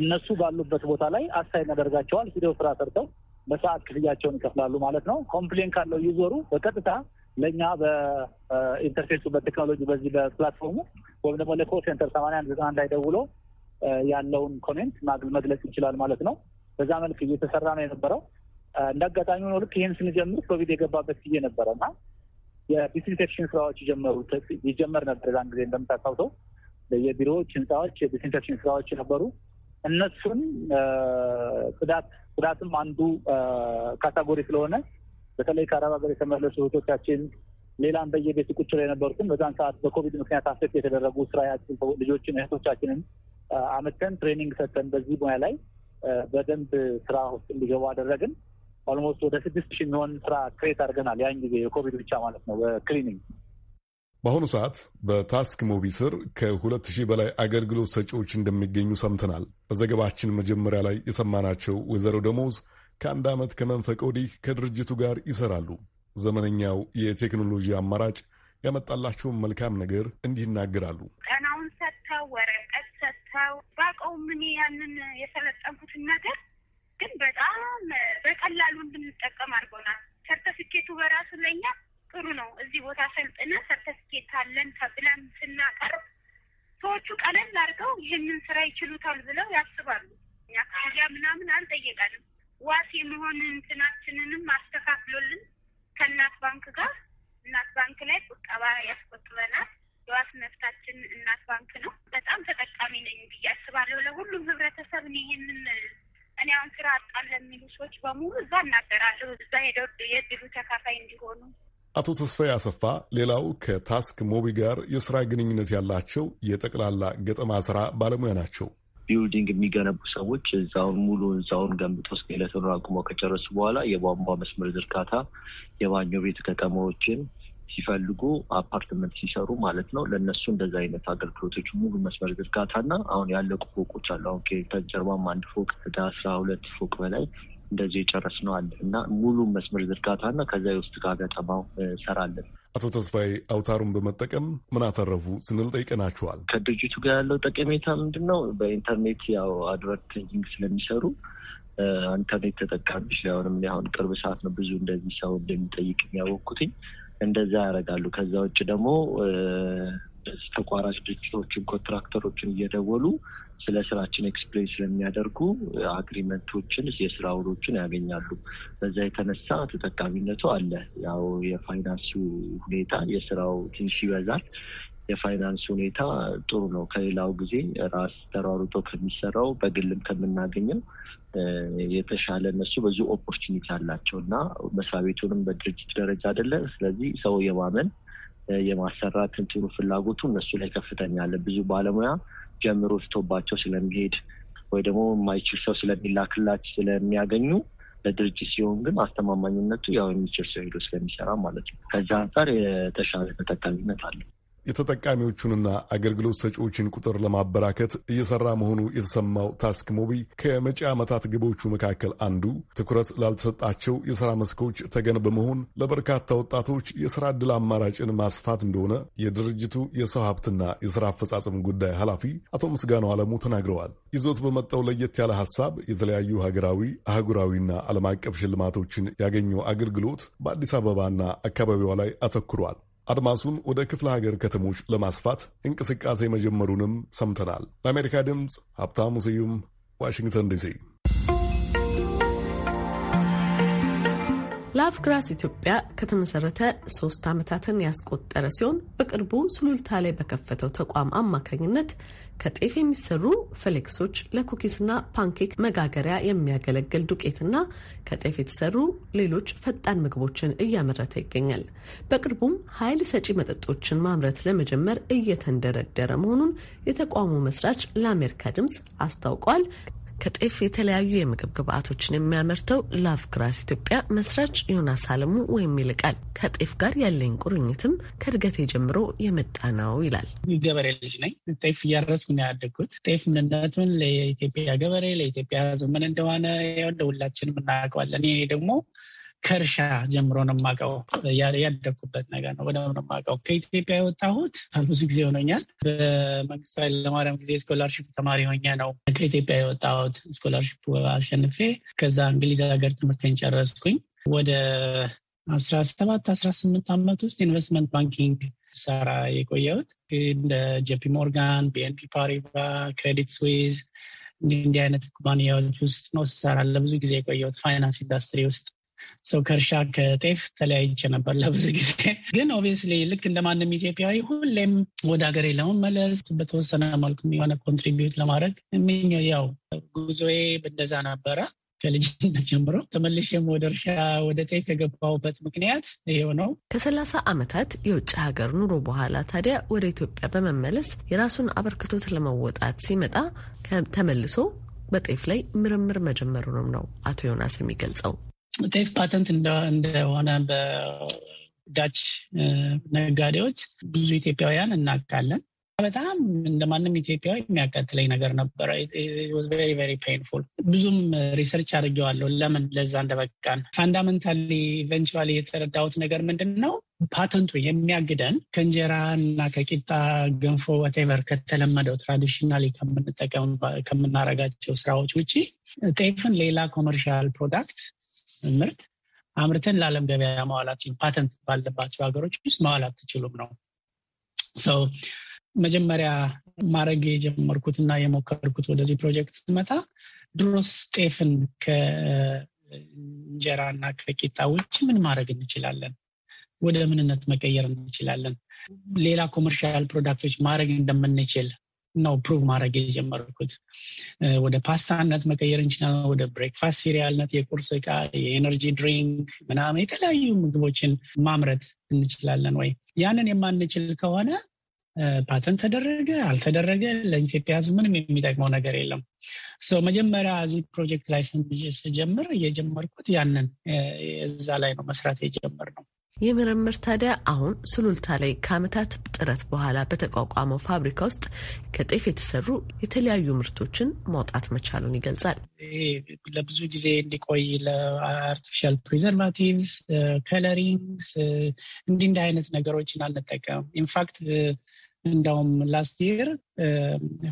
እነሱ ባሉበት ቦታ ላይ አሳይን ያደርጋቸዋል። ሂደው ስራ ሰርተው በሰዓት ክፍያቸውን ይከፍላሉ ማለት ነው። ኮምፕሌን ካለው ዩዘሩ በቀጥታ ለእኛ በኢንተርፌሱ በቴክኖሎጂ በዚህ በፕላትፎርሙ ወይም ደግሞ ለኮ ሴንተር ሰማንያ አንድ ዘጠና ላይ ደውሎ ያለውን ኮሜንት መግለጽ ይችላል ማለት ነው። በዛ መልክ እየተሰራ ነው የነበረው። እንደ አጋጣሚ ሆኖ ልክ ይህን ስንጀምር ኮቪድ የገባበት ጊዜ ነበረ እና የዲስኢንፌክሽን ስራዎች ጀመሩ ይጀመር ነበር። ዛን ጊዜ እንደምታስታውሰው የቢሮዎች ህንፃዎች የዲስኢንፌክሽን ስራዎች ነበሩ። እነሱን ጽዳት ጽዳትም አንዱ ካታጎሪ ስለሆነ በተለይ ከአረብ ሀገር የተመለሱ እህቶቻችን ሌላም በየቤት ቁጭ ላይ የነበሩትም በዛን ሰዓት በኮቪድ ምክንያት አፌክት የተደረጉ ስራ ያችን ልጆችን እህቶቻችንን አመተን ትሬኒንግ ሰጥተን በዚህ ሙያ ላይ በደንብ ስራ ውስጥ እንዲገቡ አደረግን። ኦልሞስት ወደ ስድስት ሺህ የሚሆን ስራ ክሬት አድርገናል። ያን ጊዜ የኮቪድ ብቻ ማለት ነው በክሊኒንግ በአሁኑ ሰዓት በታስክ ሞቢ ስር ከሁለት ሺህ በላይ አገልግሎት ሰጪዎች እንደሚገኙ ሰምተናል። በዘገባችን መጀመሪያ ላይ የሰማናቸው ወይዘሮ ደሞዝ ከአንድ ዓመት ከመንፈቅ ወዲህ ከድርጅቱ ጋር ይሰራሉ። ዘመነኛው የቴክኖሎጂ አማራጭ ያመጣላቸውን መልካም ነገር እንዲህ ይናገራሉ። ቀናውን ሰጥተው ወረቀት ሰጥተው ባቀው ምን ያንን የሰለጠንኩትን ነገር ግን በጣም በቀላሉ እንድንጠቀም አድርጎናል። ሰርተፊኬቱ በራሱ ለኛ ጥሩ ነው። እዚህ ቦታ ሰልጥነ ሰርተፊኬት አለን ተብለን ስናቀርብ ሰዎቹ ቀለል አድርገው ይህንን ስራ ይችሉታል ብለው ያስባሉ። እኛ ከዚያ ምናምን አልጠየቀንም። ዋስ የመሆን እንትናችንንም አስተካክሎልን ከእናት ባንክ ጋር እናት ባንክ ላይ ቁጠባ ያስቆጥበናል። የዋስ መፍታችን እናት ባንክ ነው። በጣም ተጠቃሚ ነኝ ብዬ አስባለሁ። ለሁሉም ህብረተሰብ ይህንን እኔ አሁን ስራ አጣን ለሚሉ ሰዎች በሙሉ እዛ እናገራለሁ። እዛ ሄደው የድሉ ተካፋይ እንዲሆኑ አቶ ተስፋዬ አሰፋ ሌላው ከታስክ ሞቢ ጋር የስራ ግንኙነት ያላቸው የጠቅላላ ገጠማ ስራ ባለሙያ ናቸው። ቢልዲንግ የሚገነቡ ሰዎች እዛውን ሙሉ እዛውን ገንብቶ እስከ ኤሌትሮን አቁሞ ከጨረሱ በኋላ የቧንቧ መስመር ዝርጋታ፣ የባኞ ቤት ከተማዎችን ሲፈልጉ አፓርትመንት ሲሰሩ ማለት ነው። ለእነሱ እንደዚ አይነት አገልግሎቶች ሙሉ መስመር ዝርጋታና አሁን ያለቁ ፎቆች አሉ። አሁን ከጀርባም አንድ ፎቅ ወደ አስራ ሁለት ፎቅ በላይ እንደዚህ የጨረስ ነው አለ እና ሙሉ መስመር ዝርጋታና ከዛ ውስጥ ጋር ገጠማው ሰራለን። አቶ ተስፋዬ አውታሩን በመጠቀም ምን አተረፉ ስንል ጠይቀናቸዋል። ከድርጅቱ ጋር ያለው ጠቀሜታ ምንድን ነው? በኢንተርኔት ያው አድቨርታይዚንግ ስለሚሰሩ ኢንተርኔት ተጠቃሚ ላይሆንም አሁን ቅርብ ሰዓት ነው ብዙ እንደዚህ ሰው እንደሚጠይቅ የሚያወቅኩትኝ እንደዛ ያደርጋሉ። ከዛ ውጭ ደግሞ ተቋራጭ ድርጅቶችን ኮንትራክተሮችን እየደወሉ ስለ ስራችን ኤክስፕሌን ስለሚያደርጉ አግሪመንቶችን፣ የስራ ውሎችን ያገኛሉ። በዛ የተነሳ ተጠቃሚነቱ አለ። ያው የፋይናንሱ ሁኔታ የስራው ትንሽ ይበዛል። የፋይናንስ ሁኔታ ጥሩ ነው። ከሌላው ጊዜ ራስ ተሯሩጦ ከሚሰራው በግልም ከምናገኘው የተሻለ እነሱ ብዙ ኦፖርቹኒቲ አላቸው እና መስሪያ ቤቱንም በድርጅት ደረጃ አይደለ። ስለዚህ ሰው የማመን የማሰራት እንትኑ ፍላጎቱ እነሱ ላይ ከፍተኛ አለ። ብዙ ባለሙያ ጀምሮ ፍቶባቸው ስለሚሄድ ወይ ደግሞ የማይችል ሰው ስለሚላክላች ስለሚያገኙ ለድርጅት ሲሆን ግን አስተማማኝነቱ ያው የሚችል ሰው ሄዶ ስለሚሰራ ማለት ነው። ከዛ አንጻር የተሻለ ተጠቃሚነት አለው። የተጠቃሚዎቹንና አገልግሎት ሰጪዎችን ቁጥር ለማበራከት እየሰራ መሆኑ የተሰማው ታስክ ሞቢ ከመጪ ዓመታት ግቦቹ መካከል አንዱ ትኩረት ላልተሰጣቸው የሥራ መስኮች ተገን በመሆን ለበርካታ ወጣቶች የሥራ ዕድል አማራጭን ማስፋት እንደሆነ የድርጅቱ የሰው ሀብትና የሥራ አፈጻጸም ጉዳይ ኃላፊ አቶ ምስጋናው አለሙ ተናግረዋል። ይዞት በመጣው ለየት ያለ ሐሳብ የተለያዩ ሀገራዊ፣ አህጉራዊና ዓለም አቀፍ ሽልማቶችን ያገኘው አገልግሎት በአዲስ አበባና አካባቢዋ ላይ አተኩሯል። አድማሱን ወደ ክፍለ ሀገር ከተሞች ለማስፋት እንቅስቃሴ መጀመሩንም ሰምተናል። ለአሜሪካ ድምፅ ሀብታሙ ስዩም ዋሽንግተን ዲሲ። ላቭግራስ ኢትዮጵያ ከተመሰረተ ሶስት ዓመታትን ያስቆጠረ ሲሆን በቅርቡ ሱሉልታ ላይ በከፈተው ተቋም አማካኝነት ከጤፍ የሚሰሩ ፍሌክሶች ለኩኪስና ፓንኬክ መጋገሪያ የሚያገለግል ዱቄትና ከጤፍ የተሰሩ ሌሎች ፈጣን ምግቦችን እያመረተ ይገኛል። በቅርቡም ኃይል ሰጪ መጠጦችን ማምረት ለመጀመር እየተንደረደረ መሆኑን የተቋሙ መስራች ለአሜሪካ ድምፅ አስታውቋል። ከጤፍ የተለያዩ የምግብ ግብአቶችን የሚያመርተው ላቭ ግራስ ኢትዮጵያ መስራች ዮናስ አለሙ ወይም ይልቃል ከጤፍ ጋር ያለኝ ቁርኝትም ከእድገቴ ጀምሮ የመጣ ነው ይላል። ገበሬ ልጅ ነኝ። ጤፍ እያረስኩ ነው ያደግኩት። ጤፍ ምንነቱን ለኢትዮጵያ ገበሬ፣ ለኢትዮጵያ ሕዝብ እንደሆነ ሁላችንም እናውቀዋለን። ይሄ ደግሞ ከእርሻ ጀምሮ ነው የማውቀው። ያደግኩበት ነገር ነው። በደምብ ነው የማውቀው። ከኢትዮጵያ የወጣሁት ብዙ ጊዜ ሆኖኛል። በመንግስቱ ኃይለማርያም ጊዜ ስኮላርሽፕ ተማሪ ሆኜ ነው ከኢትዮጵያ የወጣሁት። ስኮላርሽፕ አሸንፌ ከዛ እንግሊዝ ሀገር ትምህርቴን ጨረስኩኝ። ወደ አስራ ሰባት አስራ ስምንት ዓመት ውስጥ ኢንቨስትመንት ባንኪንግ ሰራ የቆየሁት እንደ ጄፒ ሞርጋን፣ ቢኤንፒ ፓሪባ፣ ክሬዲት ስዊዝ እንዲህ አይነት ኩባንያዎች ውስጥ ነው ስሰራ ለብዙ ጊዜ የቆየሁት ፋይናንስ ኢንዱስትሪ ውስጥ ሰው ከእርሻ ከጤፍ ተለያይቼ ነበር ለብዙ ጊዜ። ግን ኦብቪየስሊ ልክ እንደ ማንም ኢትዮጵያዊ ሁሌም ወደ ሀገሬ ለመመለስ በተወሰነ መልኩ የሆነ ኮንትሪቢዩት ለማድረግ የሚኘው ያው ጉዞዬ እንደዛ ነበረ። ከልጅነት ጀምሮ ተመልሼም ወደ እርሻ ወደ ጤፍ የገባሁበት ምክንያት ይሄው ነው። ከሰላሳ ዓመታት የውጭ ሀገር ኑሮ በኋላ ታዲያ ወደ ኢትዮጵያ በመመለስ የራሱን አበርክቶት ለመወጣት ሲመጣ ተመልሶ በጤፍ ላይ ምርምር መጀመሩንም ነው አቶ ዮናስ የሚገልጸው። ቴፍ ፓተንት እንደሆነ በዳች ነጋዴዎች ብዙ ኢትዮጵያውያን እናውቃለን። በጣም ማንም ኢትዮጵያዊ የሚያቀትለኝ ነገር ነበረ። ቬሪ ቨሪ ፔንፉል። ብዙም ሪሰርች አድርጌዋለሁ ለምን ለዛ እንደበቃን። ፋንዳመንታሊ ኢቨንቹዋሊ የተረዳሁት ነገር ምንድን ነው ፓተንቱ የሚያግደን ከእንጀራ እና ከቂጣ ገንፎ ወቴቨር ከተለመደው ትራዲሽናሊ ከምንጠቀም ከምናረጋቸው ስራዎች ውጭ ጤፍን ሌላ ኮመርሻል ፕሮዳክት ምርት አምርተን ለዓለም ገበያ መዋላት ፓተንት ባለባቸው ሀገሮች ውስጥ ማዋል አትችሉም ነው መጀመሪያ ማድረግ የጀመርኩትና የሞከርኩት ወደዚህ ፕሮጀክት ስመጣ ድሮስ ጤፍን ከእንጀራ እና ከቂጣ ውጭ ምን ማድረግ እንችላለን? ወደ ምንነት መቀየር እንችላለን? ሌላ ኮመርሻል ፕሮዳክቶች ማድረግ እንደምንችል ነው ፕሩቭ ማድረግ የጀመርኩት። ወደ ፓስታነት መቀየር እንችላለን። ወደ ብሬክፋስት ሲሪያልነት፣ የቁርስ እቃ፣ የኤነርጂ ድሪንክ ምናምን የተለያዩ ምግቦችን ማምረት እንችላለን ወይ? ያንን የማንችል ከሆነ ፓተንት ተደረገ አልተደረገ ለኢትዮጵያ ሕዝብ ምንም የሚጠቅመው ነገር የለም። መጀመሪያ እዚህ ፕሮጀክት ላይ ስጀምር እየጀመርኩት ያንን እዛ ላይ ነው መስራት የጀመር ነው። ይህ ምርምር ታዲያ አሁን ሱሉልታ ላይ ከዓመታት ጥረት በኋላ በተቋቋመው ፋብሪካ ውስጥ ከጤፍ የተሰሩ የተለያዩ ምርቶችን ማውጣት መቻሉን ይገልጻል። ለብዙ ጊዜ እንዲቆይ ለአርቲፊሻል ፕሪዘርቫቲቭስ፣ ከለሪንግስ እንዲህ እንዲህ አይነት ነገሮችን አንጠቀምም። ኢንፋክት እንዳውም ላስት ይር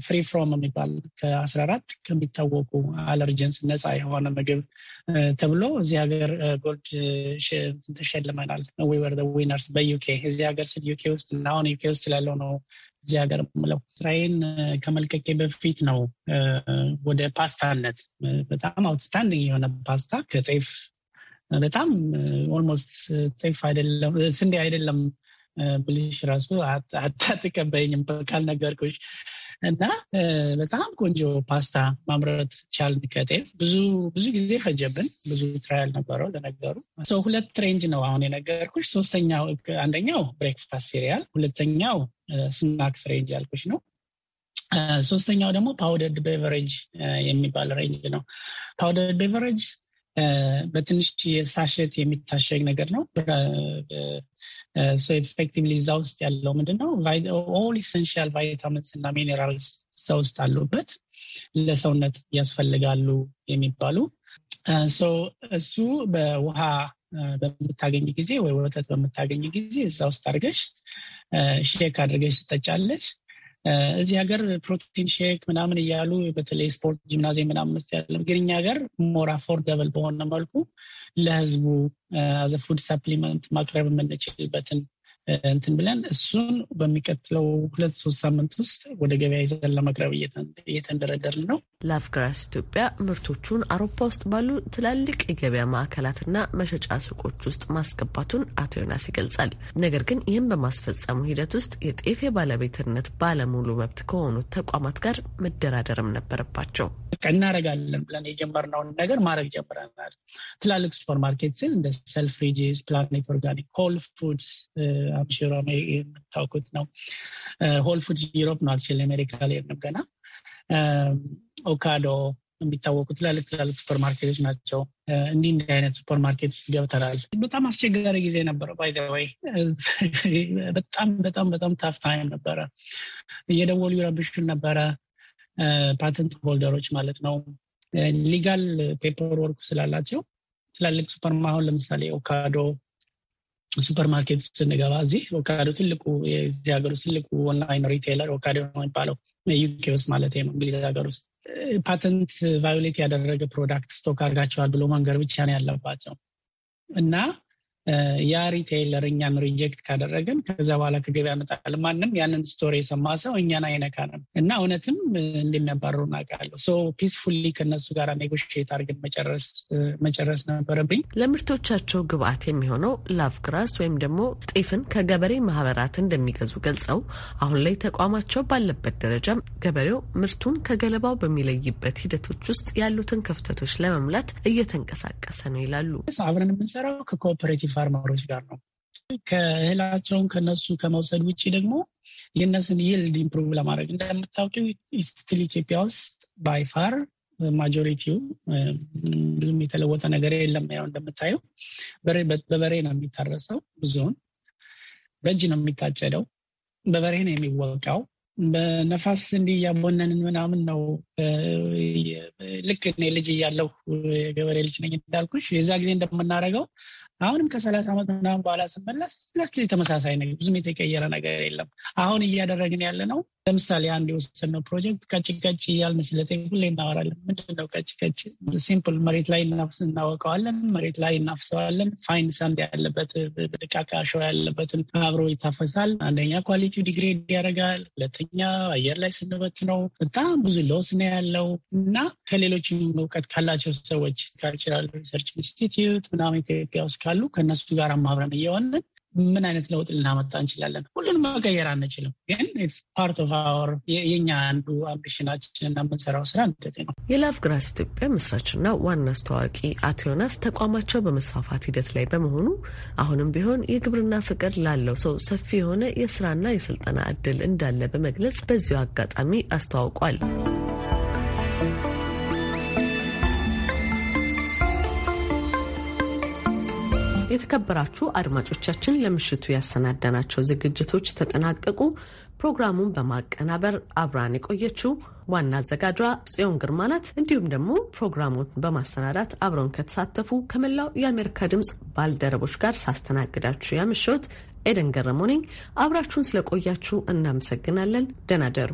ፍሪ ፍሮም የሚባል ከአስራ አራት ከሚታወቁ አለርጀንስ ነፃ የሆነ ምግብ uh, ተብሎ እዚህ ሀገር ጎልድ uh, uh, ተሸልመናል። ዊወር ዊነርስ በዩኬ እዚህ ሀገር ስል ዩኬ ውስጥ እና አሁን ዩኬ ውስጥ ስላለው ነው እዚህ ሀገር ምለው። ስራዬን ከመልቀቄ በፊት ነው ወደ ፓስታነት በጣም አውትስታንዲንግ የሆነ ፓስታ ከጤፍ በጣም ኦልሞስት ጤፍ አይደለም ስንዴ አይደለም ብልሽ ራሱ አታጥቀበኝም ነገርኩሽ እና በጣም ቆንጆ ፓስታ ማምረት ቻልን። ከጤፍ ብዙ ብዙ ጊዜ ፈጀብን። ብዙ ትራያል ነበረው። ለነገሩ ሰው ሁለት ሬንጅ ነው አሁን የነገርኩሽ። ሶስተኛው አንደኛው ብሬክፋስት ሲሪያል፣ ሁለተኛው ስናክስ ሬንጅ ያልኩሽ ነው። ሶስተኛው ደግሞ ፓውደርድ ቤቨሬጅ የሚባል ሬንጅ ነው። ፓውደርድ ቤቨሬጅ በትንሽ የሳሸት የሚታሸግ ነገር ነው። ኤፌክቲቭሊ እዛ ውስጥ ያለው ምንድን ነው? ኦል ኢሰንሻል ቫይታሚንስ እና ሚኔራልስ እዛ ውስጥ አሉበት ለሰውነት ያስፈልጋሉ የሚባሉ እሱ በውሃ በምታገኝ ጊዜ ወይ ወተት በምታገኝ ጊዜ እዛ ውስጥ አድርገሽ ሼክ አድርገሽ ትጠጫለች። እዚህ ሀገር ፕሮቲን ሼክ ምናምን እያሉ በተለይ ስፖርት ጂምናዚየም ምናምን መስት ያለም ግን እኛ ሀገር ሞር አፎርደብል በሆነ መልኩ ለህዝቡ አዘ ፉድ ሰፕሊመንት ማቅረብ የምንችልበትን እንትን ብለን እሱን በሚቀጥለው ሁለት ሶስት ሳምንት ውስጥ ወደ ገበያ ይዘን ለመቅረብ እየተንደረደርን ነው። ላፍግራስ ኢትዮጵያ ምርቶቹን አውሮፓ ውስጥ ባሉ ትላልቅ የገበያ ማዕከላትና መሸጫ ሱቆች ውስጥ ማስገባቱን አቶ ዮናስ ይገልጻል። ነገር ግን ይህም በማስፈጸሙ ሂደት ውስጥ የጤፍ ባለቤትነት ባለሙሉ መብት ከሆኑት ተቋማት ጋር መደራደርም ነበረባቸው። እናደርጋለን ብለን የጀመርነውን ነገር ማድረግ ጀምረናል። ትላልቅ ሱፐርማርኬት ስል እንደ ሰልፍሪጅስ፣ ፕላኔት ኦርጋኒክ፣ ሆል ፉድስ አብሽሮ የምታውቁት ነው። ሆል ፉድስ ዩሮፕ ነው። አክቹዋሊ አሜሪካ ላይ ነው ገና ኦካዶ የሚታወቁ ትላልቅ ትላልቅ ሱፐር ማርኬቶች ናቸው። እንዲህ እንዲህ አይነት ሱፐር ማርኬት ገብተናል። በጣም አስቸጋሪ ጊዜ ነበረ። ባይ ዘ ወይ በጣም በጣም በጣም ታፍ ታይም ነበረ። እየደወሉ ይረብሹን ነበረ። ፓተንት ሆልደሮች ማለት ነው። ሊጋል ፔፐር ወርክ ስላላቸው ትላልቅ ሱፐር አሁን ለምሳሌ ኦካዶ ሱፐር ማርኬት ስንገባ እዚህ ኦካዶ ትልቁ የዚህ ሀገር ውስጥ ትልቁ ኦንላይን ሪቴይለር ኦካዶ ነው የሚባለው ዩኬ ውስጥ ማለት ነው። እንግሊዝ ሀገር ውስጥ ፓተንት ቫዮሌት ያደረገ ፕሮዳክት ስቶክ አድርጋቸዋል ብሎ መንገር ብቻ ነው ያለባቸው እና ያ ሪቴይለር እኛን ሪጀክት ካደረገን ከዛ በኋላ ከገበያ መጣል ማንም ያንን ስቶሪ የሰማ ሰው እኛን አይነካንም እና እውነትም እንደሚያባርሩ እናውቃለሁ። ሶ ፒስፉሊ ከነሱ ጋር ኔጎሽት አድርገን መጨረስ ነበረብኝ። ለምርቶቻቸው ግብአት የሚሆነው ግራስ ወይም ደግሞ ጤፍን ከገበሬ ማህበራት እንደሚገዙ ገልጸው አሁን ላይ ተቋማቸው ባለበት ደረጃም ገበሬው ምርቱን ከገለባው በሚለይበት ሂደቶች ውስጥ ያሉትን ክፍተቶች ለመሙላት እየተንቀሳቀሰ ነው ይላሉ። አብረን የምንሰራው ከኮኦፐሬቲቭ ፋርመሮች ጋር ነው። ከእህላቸውን ከነሱ ከመውሰድ ውጭ ደግሞ የነሱን ይልድ ኢምፕሩቭ ለማድረግ እንደምታውቂው ስትል ኢትዮጵያ ውስጥ ባይፋር ማጆሪቲው ብዙም የተለወጠ ነገር የለም። ያው እንደምታየው በበሬ ነው የሚታረሰው፣ ብዙውን በእጅ ነው የሚታጨደው፣ በበሬ ነው የሚወቃው። በነፋስ እንዲህ እያቦነንን ምናምን ነው። ልክ እኔ ልጅ እያለሁ የገበሬ ልጅ ነኝ እንዳልኩሽ የዛ ጊዜ እንደምናደርገው አሁንም ከሰላሳ ዓመት ምናምን በኋላ ስመለስ ለክ ተመሳሳይ ነገር ብዙም የተቀየረ ነገር የለም። አሁን እያደረግን ያለ ነው ለምሳሌ አንድ የወሰድነው ፕሮጀክት ቀጭ ቀጭ እያልን ስለ ሁሌ እናወራለን። ምንድነው ቀጭ ቀጭ? ሲምፕል መሬት ላይ እናወቀዋለን፣ መሬት ላይ እናፍሰዋለን። ፋይን ሳንድ ያለበት ደቃቃ አሸዋ ያለበትን አብሮ ይታፈሳል። አንደኛ ኳሊቲ ዲግሬድ ያደርጋል፣ ሁለተኛ አየር ላይ ስንበት ነው። በጣም ብዙ ለውስ ነው ያለው እና ከሌሎችም እውቀት ካላቸው ሰዎች ካልቸራል ሪሰርች ኢንስቲትዩት ምናምን ኢትዮጵያ ውስጥ ካሉ ከእነሱ ጋር ማብረን እየሆንን ምን አይነት ለውጥ ልናመጣ እንችላለን? ሁሉንም መቀየር አንችልም፣ ግን ፓርት ኦፍ አወር የእኛ አንዱ አምቢሽናችን እና የምንሰራው ስራ እንደዚህ ነው። የላቭ ግራስ ኢትዮጵያ መስራችና ዋና አስተዋዋቂ አቶ ዮናስ ተቋማቸው በመስፋፋት ሂደት ላይ በመሆኑ አሁንም ቢሆን የግብርና ፍቅር ላለው ሰው ሰፊ የሆነ የስራና የስልጠና እድል እንዳለ በመግለጽ በዚሁ አጋጣሚ አስተዋውቋል። የተከበራችሁ አድማጮቻችን ለምሽቱ ያሰናዳናቸው ዝግጅቶች ተጠናቀቁ። ፕሮግራሙን በማቀናበር አብራን የቆየችው ዋና አዘጋጇ ጽዮን ግርማ ናት። እንዲሁም ደግሞ ፕሮግራሙን በማሰናዳት አብረውን ከተሳተፉ ከመላው የአሜሪካ ድምፅ ባልደረቦች ጋር ሳስተናግዳችሁ ያመሸሁት ኤደን ገረሞኔ። አብራችሁን ስለቆያችሁ እናመሰግናለን። Thank ደሩ።